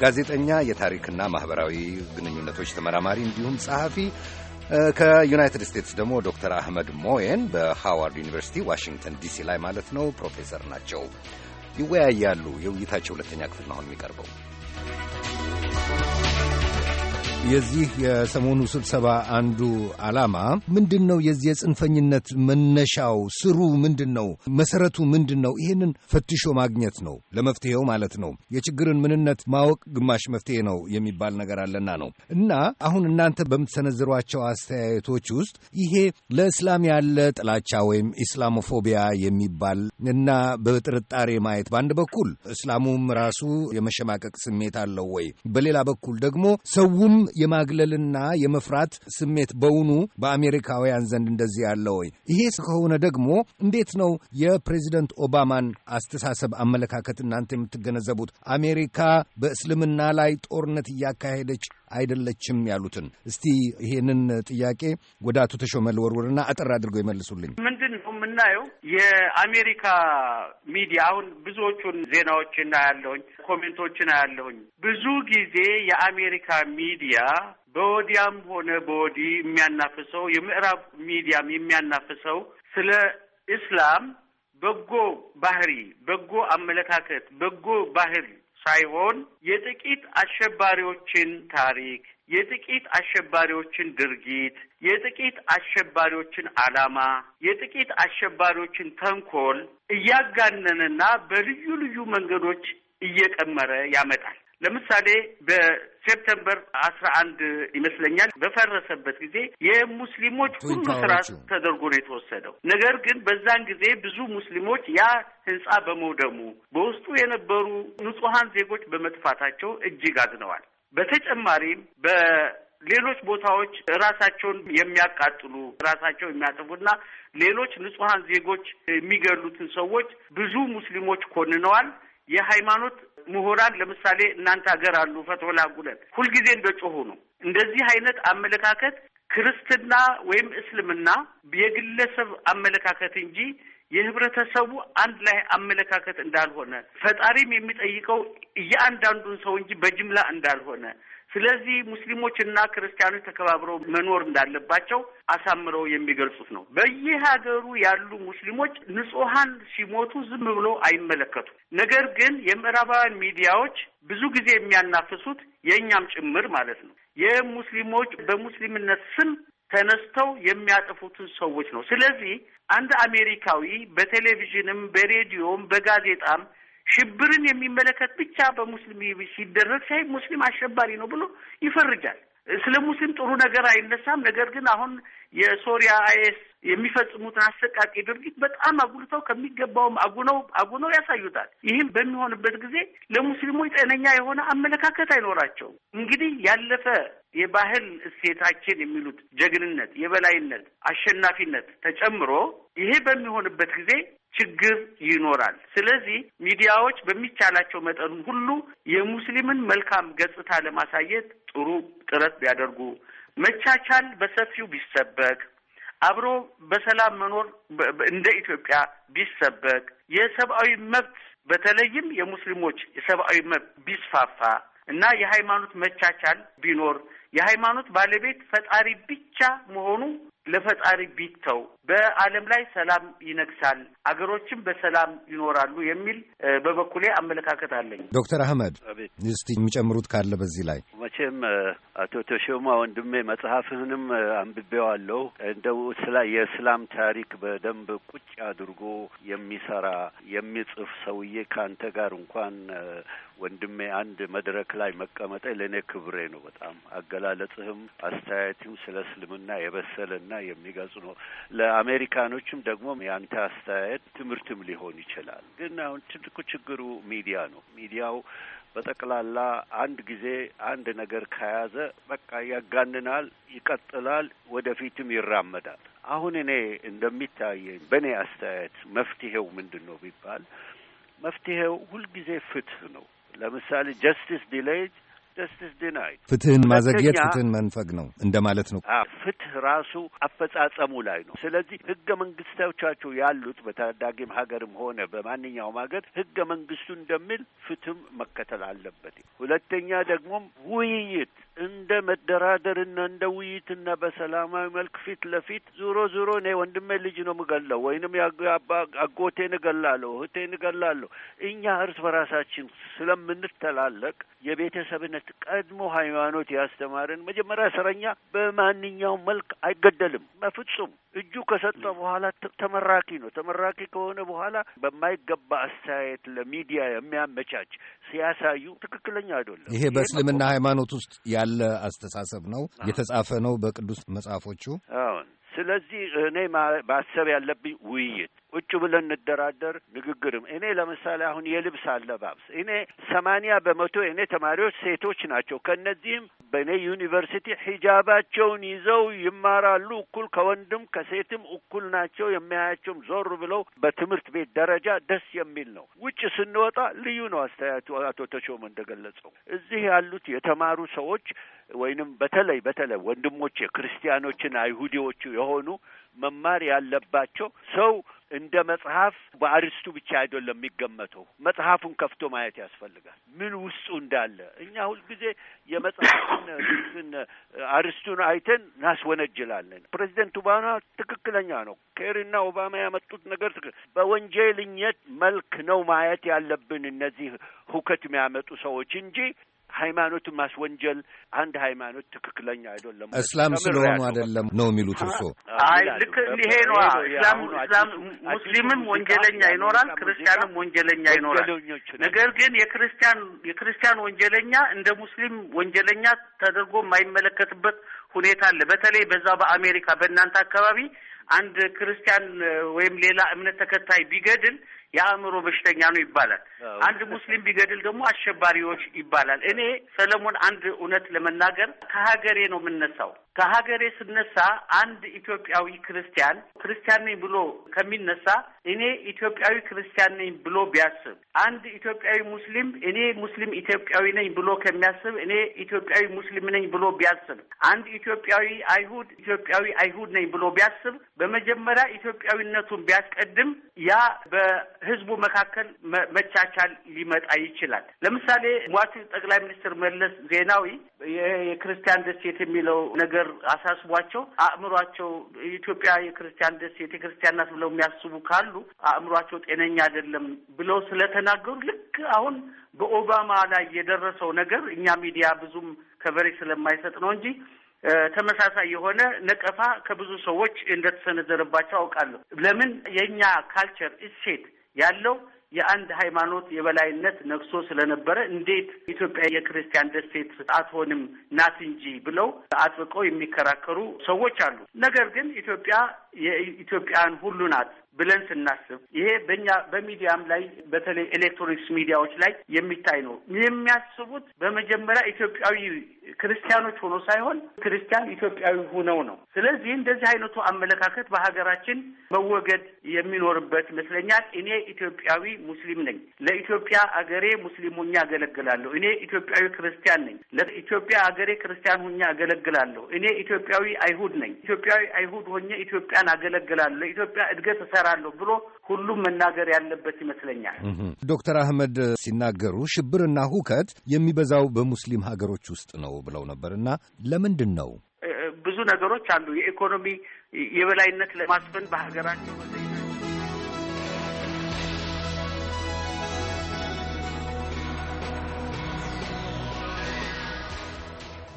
ጋዜጠኛ፣ የታሪክና ማህበራዊ ግንኙነቶች ተመራማሪ እንዲሁም ጸሐፊ ከዩናይትድ ስቴትስ ደግሞ ዶክተር አህመድ ሞየን በሃዋርድ ዩኒቨርሲቲ ዋሽንግተን ዲሲ ላይ ማለት ነው ፕሮፌሰር ናቸው። ይወያያሉ። የውይይታቸው ሁለተኛ ክፍል ነው አሁን የሚቀርበው። የዚህ የሰሞኑ ስብሰባ አንዱ ዓላማ ምንድን ነው? የዚህ የጽንፈኝነት መነሻው ስሩ ምንድን ነው? መሰረቱ ምንድን ነው? ይህንን ፈትሾ ማግኘት ነው፣ ለመፍትሄው ማለት ነው። የችግርን ምንነት ማወቅ ግማሽ መፍትሄ ነው የሚባል ነገር አለና ነው። እና አሁን እናንተ በምትሰነዝሯቸው አስተያየቶች ውስጥ ይሄ ለእስላም ያለ ጥላቻ ወይም ኢስላሞፎቢያ የሚባል እና በጥርጣሬ ማየት በአንድ በኩል እስላሙም ራሱ የመሸማቀቅ ስሜት አለው ወይ፣ በሌላ በኩል ደግሞ ሰውም የማግለልና የመፍራት ስሜት በውኑ በአሜሪካውያን ዘንድ እንደዚህ ያለ ወይ? ይሄ ከሆነ ደግሞ እንዴት ነው የፕሬዚደንት ኦባማን አስተሳሰብ አመለካከት እናንተ የምትገነዘቡት? አሜሪካ በእስልምና ላይ ጦርነት እያካሄደች አይደለችም ያሉትን እስቲ ይሄንን ጥያቄ ወደ አቶ ተሾመ ልወርውርና አጠር አድርገው ይመልሱልኝ። ምንድን ነው የምናየው የአሜሪካ ሚዲያ አሁን ብዙዎቹን ዜናዎችን አያለሁኝ፣ ኮሜንቶችን አያለሁኝ። ብዙ ጊዜ የአሜሪካ ሚዲያ በወዲያም ሆነ በወዲህ የሚያናፍሰው የምዕራብ ሚዲያም የሚያናፍሰው ስለ እስላም በጎ ባህሪ፣ በጎ አመለካከት፣ በጎ ባህሪ ሳይሆን የጥቂት አሸባሪዎችን ታሪክ፣ የጥቂት አሸባሪዎችን ድርጊት፣ የጥቂት አሸባሪዎችን ዓላማ፣ የጥቂት አሸባሪዎችን ተንኮል እያጋነነና በልዩ ልዩ መንገዶች እየቀመረ ያመጣል። ለምሳሌ በሴፕተምበር አስራ አንድ ይመስለኛል በፈረሰበት ጊዜ የሙስሊሞች ሁሉ ስራ ተደርጎ ነው የተወሰደው። ነገር ግን በዛን ጊዜ ብዙ ሙስሊሞች ያ ህንጻ በመውደሙ በውስጡ የነበሩ ንጹሐን ዜጎች በመጥፋታቸው እጅግ አዝነዋል። በተጨማሪም በ ሌሎች ቦታዎች ራሳቸውን የሚያቃጥሉ ራሳቸው የሚያጠፉና ሌሎች ንጹሐን ዜጎች የሚገሉትን ሰዎች ብዙ ሙስሊሞች ኮንነዋል። የሃይማኖት ምሁራን ለምሳሌ እናንተ ሀገር አሉ ፈትወላ ጉለን ሁልጊዜ እንደ ጮሁ ነው። እንደዚህ አይነት አመለካከት ክርስትና ወይም እስልምና የግለሰብ አመለካከት እንጂ የህብረተሰቡ አንድ ላይ አመለካከት እንዳልሆነ ፈጣሪም የሚጠይቀው እያንዳንዱን ሰው እንጂ በጅምላ እንዳልሆነ ስለዚህ ሙስሊሞችና ክርስቲያኖች ተከባብረው መኖር እንዳለባቸው አሳምረው የሚገልጹት ነው። በየሀገሩ ያሉ ሙስሊሞች ንጹሐን ሲሞቱ ዝም ብሎ አይመለከቱም። ነገር ግን የምዕራባውያን ሚዲያዎች ብዙ ጊዜ የሚያናፍሱት የእኛም ጭምር ማለት ነው የሙስሊሞች በሙስሊምነት ስም ተነስተው የሚያጠፉትን ሰዎች ነው። ስለዚህ አንድ አሜሪካዊ በቴሌቪዥንም በሬዲዮም በጋዜጣም ሽብርን የሚመለከት ብቻ በሙስሊም ሲደረግ ሳይ ሙስሊም አሸባሪ ነው ብሎ ይፈርጃል። ስለ ሙስሊም ጥሩ ነገር አይነሳም። ነገር ግን አሁን የሶሪያ አይኤስ የሚፈጽሙትን አሰቃቂ ድርጊት በጣም አጉልተው ከሚገባውም አጉነው አጉነው ያሳዩታል። ይህም በሚሆንበት ጊዜ ለሙስሊሞች ጤነኛ የሆነ አመለካከት አይኖራቸውም። እንግዲህ ያለፈ የባህል እሴታችን የሚሉት ጀግንነት፣ የበላይነት፣ አሸናፊነት ተጨምሮ ይሄ በሚሆንበት ጊዜ ችግር ይኖራል። ስለዚህ ሚዲያዎች በሚቻላቸው መጠኑ ሁሉ የሙስሊምን መልካም ገጽታ ለማሳየት ጥሩ ጥረት ቢያደርጉ፣ መቻቻል በሰፊው ቢሰበክ፣ አብሮ በሰላም መኖር እንደ ኢትዮጵያ ቢሰበክ፣ የሰብአዊ መብት በተለይም የሙስሊሞች የሰብአዊ መብት ቢስፋፋ እና የሃይማኖት መቻቻል ቢኖር የሃይማኖት ባለቤት ፈጣሪ ብቻ መሆኑ ለፈጣሪ ቢተው በዓለም ላይ ሰላም ይነግሳል፣ አገሮችም በሰላም ይኖራሉ የሚል በበኩሌ አመለካከት አለኝ። ዶክተር አህመድ እስቲ የሚጨምሩት ካለ በዚህ ላይ መቼም አቶ ተሾማ ወንድሜ መጽሐፍህንም አንብቤዋለሁ። እንደው ስላ የእስላም ታሪክ በደንብ ቁጭ አድርጎ የሚሰራ የሚጽፍ ሰውዬ ከአንተ ጋር እንኳን ወንድሜ አንድ መድረክ ላይ መቀመጠ ለእኔ ክብሬ ነው። በጣም አገላለጽህም አስተያየትም ስለ እስልምና የበሰለና የሚገልጽ ነው። ለአሜሪካኖችም ደግሞ ያንተ አስተያየት ትምህርትም ሊሆን ይችላል። ግን አሁን ትልቁ ችግሩ ሚዲያ ነው። ሚዲያው በጠቅላላ አንድ ጊዜ አንድ ነገር ከያዘ በቃ ያጋንናል፣ ይቀጥላል፣ ወደፊትም ይራመዳል። አሁን እኔ እንደሚታየኝ በእኔ አስተያየት መፍትሄው ምንድን ነው ቢባል መፍትሄው ሁልጊዜ ፍትህ ነው። ለምሳሌ ጀስቲስ ዲሌይድ ጀስቲስ ዲናይድ ፍትህን ማዘግየት ፍትህን መንፈግ ነው ማለት ነው። ፍትህ ራሱ አፈጻጸሙ ላይ ነው። ስለዚህ ህገ መንግስቶቻቸው ያሉት በታዳጊም ሀገርም ሆነ በማንኛውም ሀገር ህገ መንግስቱ እንደሚል ፍትህም መከተል አለበት። ሁለተኛ ደግሞም ውይይት እንደ መደራደርና እንደ ውይይትና በሰላማዊ መልክ ፊት ለፊት ዞሮ ዞሮ እኔ ወንድሜ ልጅ ነው ምገለው ወይንም አጎቴን እገላለሁ፣ እህቴን እገላለሁ። እኛ እርስ በራሳችን ስለምንተላለቅ የቤተሰብነት ቀድሞ ሃይማኖት ያስተማረን መጀመሪያ እስረኛ በማንኛውም መልክ አይገደልም በፍጹም እጁ ከሰጠ በኋላ ተመራኪ ነው። ተመራኪ ከሆነ በኋላ በማይገባ አስተያየት ለሚዲያ የሚያመቻች ሲያሳዩ ትክክለኛ አይደለም። ይሄ በእስልምና ሃይማኖት ውስጥ ያለ አስተሳሰብ ነው፣ የተጻፈ ነው በቅዱስ መጽሐፎቹ። አዎን። ስለዚህ እኔ ማሰብ ያለብኝ ውይይት ቁጭ ብለን እንደራደር። ንግግርም እኔ ለምሳሌ አሁን የልብስ አለባብስ እኔ ሰማንያ በመቶ እኔ ተማሪዎች ሴቶች ናቸው። ከእነዚህም በእኔ ዩኒቨርሲቲ ሂጃባቸውን ይዘው ይማራሉ። እኩል ከወንድም ከሴትም እኩል ናቸው። የሚያያቸውም ዞር ብለው በትምህርት ቤት ደረጃ ደስ የሚል ነው። ውጭ ስንወጣ ልዩ ነው አስተያየቱ። አቶ ተሾመ እንደገለጸው እዚህ ያሉት የተማሩ ሰዎች ወይንም በተለይ በተለይ ወንድሞቼ ክርስቲያኖችን አይሁዲዎቹ የሆኑ መማር ያለባቸው ሰው እንደ መጽሐፍ በአርስቱ ብቻ አይደለም የሚገመተው። መጽሐፉን ከፍቶ ማየት ያስፈልጋል፣ ምን ውስጡ እንዳለ። እኛ ሁልጊዜ የመጽሐፍን አርስቱን አይተን እናስወነጅላለን። ፕሬዚደንት ኦባማ ትክክለኛ ነው። ኬሪና ኦባማ ያመጡት ነገር በወንጀልኝነት መልክ ነው ማየት ያለብን እነዚህ ሁከት የሚያመጡ ሰዎች እንጂ ሃይማኖትን ማስወንጀል አንድ ሃይማኖት ትክክለኛ አይደለም። እስላም ስለሆኑ አይደለም ነው የሚሉት እርስዎ? አይ ልክ እንዲሄ ነው። እስላም እስላም ሙስሊምም ወንጀለኛ ይኖራል፣ ክርስቲያንም ወንጀለኛ ይኖራል። ነገር ግን የክርስቲያን የክርስቲያን ወንጀለኛ እንደ ሙስሊም ወንጀለኛ ተደርጎ የማይመለከትበት ሁኔታ አለ። በተለይ በዛ በአሜሪካ በእናንተ አካባቢ አንድ ክርስቲያን ወይም ሌላ እምነት ተከታይ ቢገድል የአእምሮ በሽተኛ ነው ይባላል። አንድ ሙስሊም ቢገድል ደግሞ አሸባሪዎች ይባላል። እኔ ሰለሞን፣ አንድ እውነት ለመናገር ከሀገሬ ነው የምነሳው። ከሀገሬ ስነሳ አንድ ኢትዮጵያዊ ክርስቲያን ክርስቲያን ነኝ ብሎ ከሚነሳ እኔ ኢትዮጵያዊ ክርስቲያን ነኝ ብሎ ቢያስብ፣ አንድ ኢትዮጵያዊ ሙስሊም እኔ ሙስሊም ኢትዮጵያዊ ነኝ ብሎ ከሚያስብ እኔ ኢትዮጵያዊ ሙስሊም ነኝ ብሎ ቢያስብ፣ አንድ ኢትዮጵያዊ አይሁድ ኢትዮጵያዊ አይሁድ ነኝ ብሎ ቢያስብ፣ በመጀመሪያ ኢትዮጵያዊነቱን ቢያስቀድም ያ በህዝቡ መካከል መቻቻል ሊመጣ ይችላል። ለምሳሌ ሟቹ ጠቅላይ ሚኒስትር መለስ ዜናዊ የክርስቲያን ደሴት የሚለው ነገር ነገር አሳስቧቸው አእምሯቸው ኢትዮጵያ የክርስቲያን ደሴት የክርስቲያን ናት ብለው የሚያስቡ ካሉ አእምሯቸው ጤነኛ አይደለም ብለው ስለተናገሩ ልክ አሁን በኦባማ ላይ የደረሰው ነገር እኛ ሚዲያ ብዙም ከበሬ ስለማይሰጥ ነው እንጂ ተመሳሳይ የሆነ ነቀፋ ከብዙ ሰዎች እንደተሰነዘረባቸው አውቃለሁ። ለምን የእኛ ካልቸር እሴት ያለው የአንድ ሃይማኖት የበላይነት ነግሶ ስለነበረ እንዴት ኢትዮጵያ የክርስቲያን ደሴት አትሆንም ናት እንጂ ብለው አጥብቀው የሚከራከሩ ሰዎች አሉ። ነገር ግን ኢትዮጵያ የኢትዮጵያን ሁሉ ናት። ብለን ስናስብ ይሄ በእኛ በሚዲያም ላይ በተለይ ኤሌክትሮኒክስ ሚዲያዎች ላይ የሚታይ ነው። የሚያስቡት በመጀመሪያ ኢትዮጵያዊ ክርስቲያኖች ሆኖ ሳይሆን ክርስቲያን ኢትዮጵያዊ ሆነው ነው። ስለዚህ እንደዚህ አይነቱ አመለካከት በሀገራችን መወገድ የሚኖርበት ይመስለኛል። እኔ ኢትዮጵያዊ ሙስሊም ነኝ፣ ለኢትዮጵያ አገሬ ሙስሊም ሁኜ አገለግላለሁ። እኔ ኢትዮጵያዊ ክርስቲያን ነኝ፣ ለኢትዮጵያ አገሬ ክርስቲያን ሁኜ አገለግላለሁ። እኔ ኢትዮጵያዊ አይሁድ ነኝ፣ ኢትዮጵያዊ አይሁድ ሆኜ ኢትዮጵያን አገለግላለሁ። ለኢትዮጵያ እድገት እሰራለሁ ብሎ ሁሉም መናገር ያለበት ይመስለኛል። ዶክተር አህመድ ሲናገሩ ሽብርና ሁከት የሚበዛው በሙስሊም ሀገሮች ውስጥ ነው ብለው ነበር እና ለምንድን ነው? ብዙ ነገሮች አሉ። የኢኮኖሚ የበላይነት ለማስፈን በሀገራቸው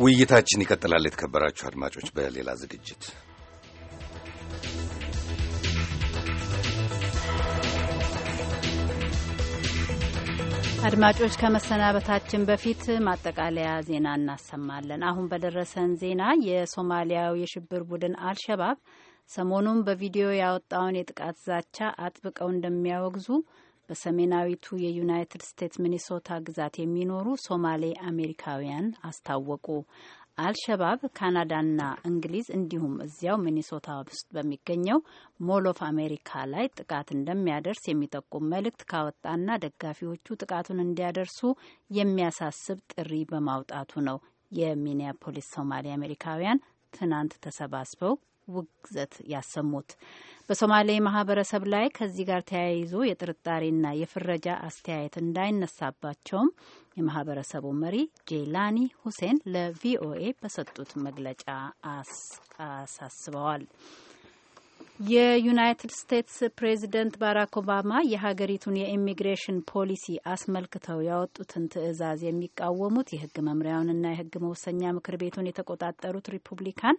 ውይይታችን ይቀጥላል። የተከበራችሁ አድማጮች በሌላ ዝግጅት አድማጮች ከመሰናበታችን በፊት ማጠቃለያ ዜና እናሰማለን። አሁን በደረሰን ዜና የሶማሊያው የሽብር ቡድን አልሸባብ ሰሞኑን በቪዲዮ ያወጣውን የጥቃት ዛቻ አጥብቀው እንደሚያወግዙ በሰሜናዊቱ የዩናይትድ ስቴትስ ሚኒሶታ ግዛት የሚኖሩ ሶማሌ አሜሪካውያን አስታወቁ። አልሸባብ ካናዳና እንግሊዝ እንዲሁም እዚያው ሚኒሶታ ውስጥ በሚገኘው ሞል ኦፍ አሜሪካ ላይ ጥቃት እንደሚያደርስ የሚጠቁም መልእክት ካወጣና ደጋፊዎቹ ጥቃቱን እንዲያደርሱ የሚያሳስብ ጥሪ በማውጣቱ ነው የሚኒያፖሊስ ሶማሌ አሜሪካውያን ትናንት ተሰባስበው ውግዘት ያሰሙት በሶማሌ ማህበረሰብ ላይ ከዚህ ጋር ተያይዞ የጥርጣሬና የፍረጃ አስተያየት እንዳይነሳባቸውም የማህበረሰቡ መሪ ጄላኒ ሁሴን ለቪኦኤ በሰጡት መግለጫ አሳስበዋል። የዩናይትድ ስቴትስ ፕሬዚደንት ባራክ ኦባማ የሀገሪቱን የኢሚግሬሽን ፖሊሲ አስመልክተው ያወጡትን ትዕዛዝ የሚቃወሙት የህግ መምሪያውንና የህግ መወሰኛ ምክር ቤቱን የተቆጣጠሩት ሪፑብሊካን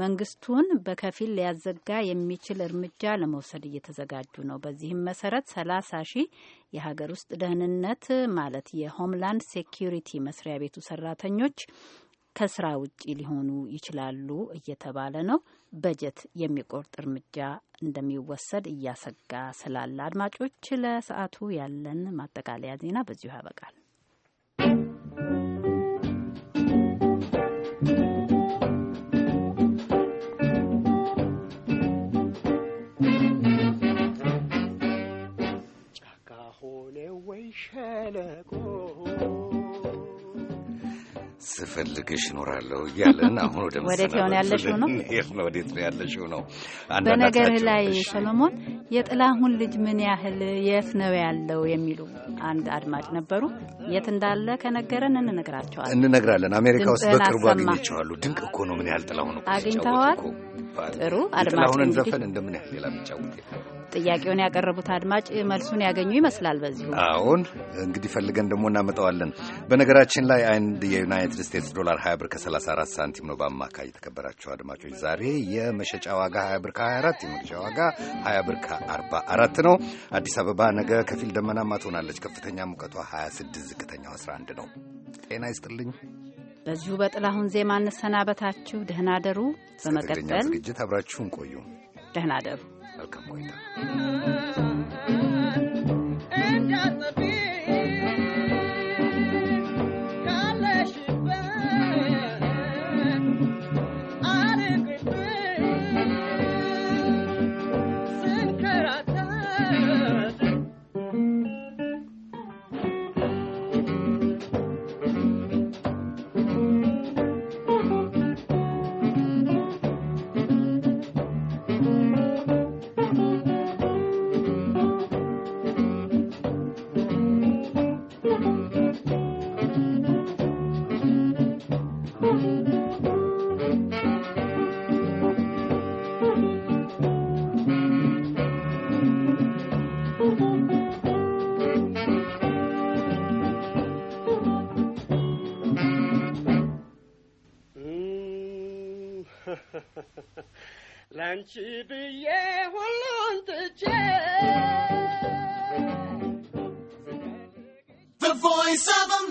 መንግስቱን በከፊል ሊያዘጋ የሚችል እርምጃ ለመውሰድ እየተዘጋጁ ነው። በዚህም መሰረት ሰላሳ ሺህ የሀገር ውስጥ ደህንነት ማለት የሆምላንድ ሴኪሪቲ መስሪያ ቤቱ ሰራተኞች ከስራ ውጪ ሊሆኑ ይችላሉ እየተባለ ነው። በጀት የሚቆርጥ እርምጃ እንደሚወሰድ እያሰጋ ስላለ አድማጮች፣ ለሰዓቱ ያለን ማጠቃለያ ዜና በዚሁ ያበቃል። ሸለቆ ስፈልግሽ እኖራለሁ እያለን አሁን ወደ ወዴት ሆን ያለሽው ነው ወዴት ነው ያለሽው ነው። በነገርህ ላይ ሰሎሞን የጥላሁን ልጅ ምን ያህል የት ነው ያለው የሚሉ አንድ አድማጭ ነበሩ። የት እንዳለ ከነገረን እንነግራቸዋለን እንነግራለን። አሜሪካ ውስጥ በቅርቡ አግኝቼዋለሁ። ድንቅ እኮ ነው። ምን ያህል ጥላሁን አግኝተዋል። ጥሩ አድማጭ ጥላሁንን ዘፈን እንደምን ያህል ሌላ የሚጫወት ጥያቄውን ያቀረቡት አድማጭ መልሱን ያገኙ ይመስላል። በዚሁ አሁን እንግዲህ ፈልገን ደግሞ እናመጣዋለን። በነገራችን ላይ አንድ የዩናይትድ ስቴትስ ዶላር 20 ብር ከ34 ሳንቲም ነው በአማካይ የተከበራቸው አድማጮች። ዛሬ የመሸጫ ዋጋ 20 ብር ከ24፣ የመግዣ ዋጋ 20 ብር ከ44 ነው። አዲስ አበባ ነገ ከፊል ደመናማ ትሆናለች። ከፍተኛ ሙቀቷ 26፣ ዝቅተኛው 11 ነው። ጤና ይስጥልኝ። በዚሁ በጥላሁን ዜማ እንሰናበታችሁ። ደህና ደሩ። በመቀጠል ዝግጅት አብራችሁን ቆዩ። ደህና ደሩ። Welcome, Moita. 집이 The voice of a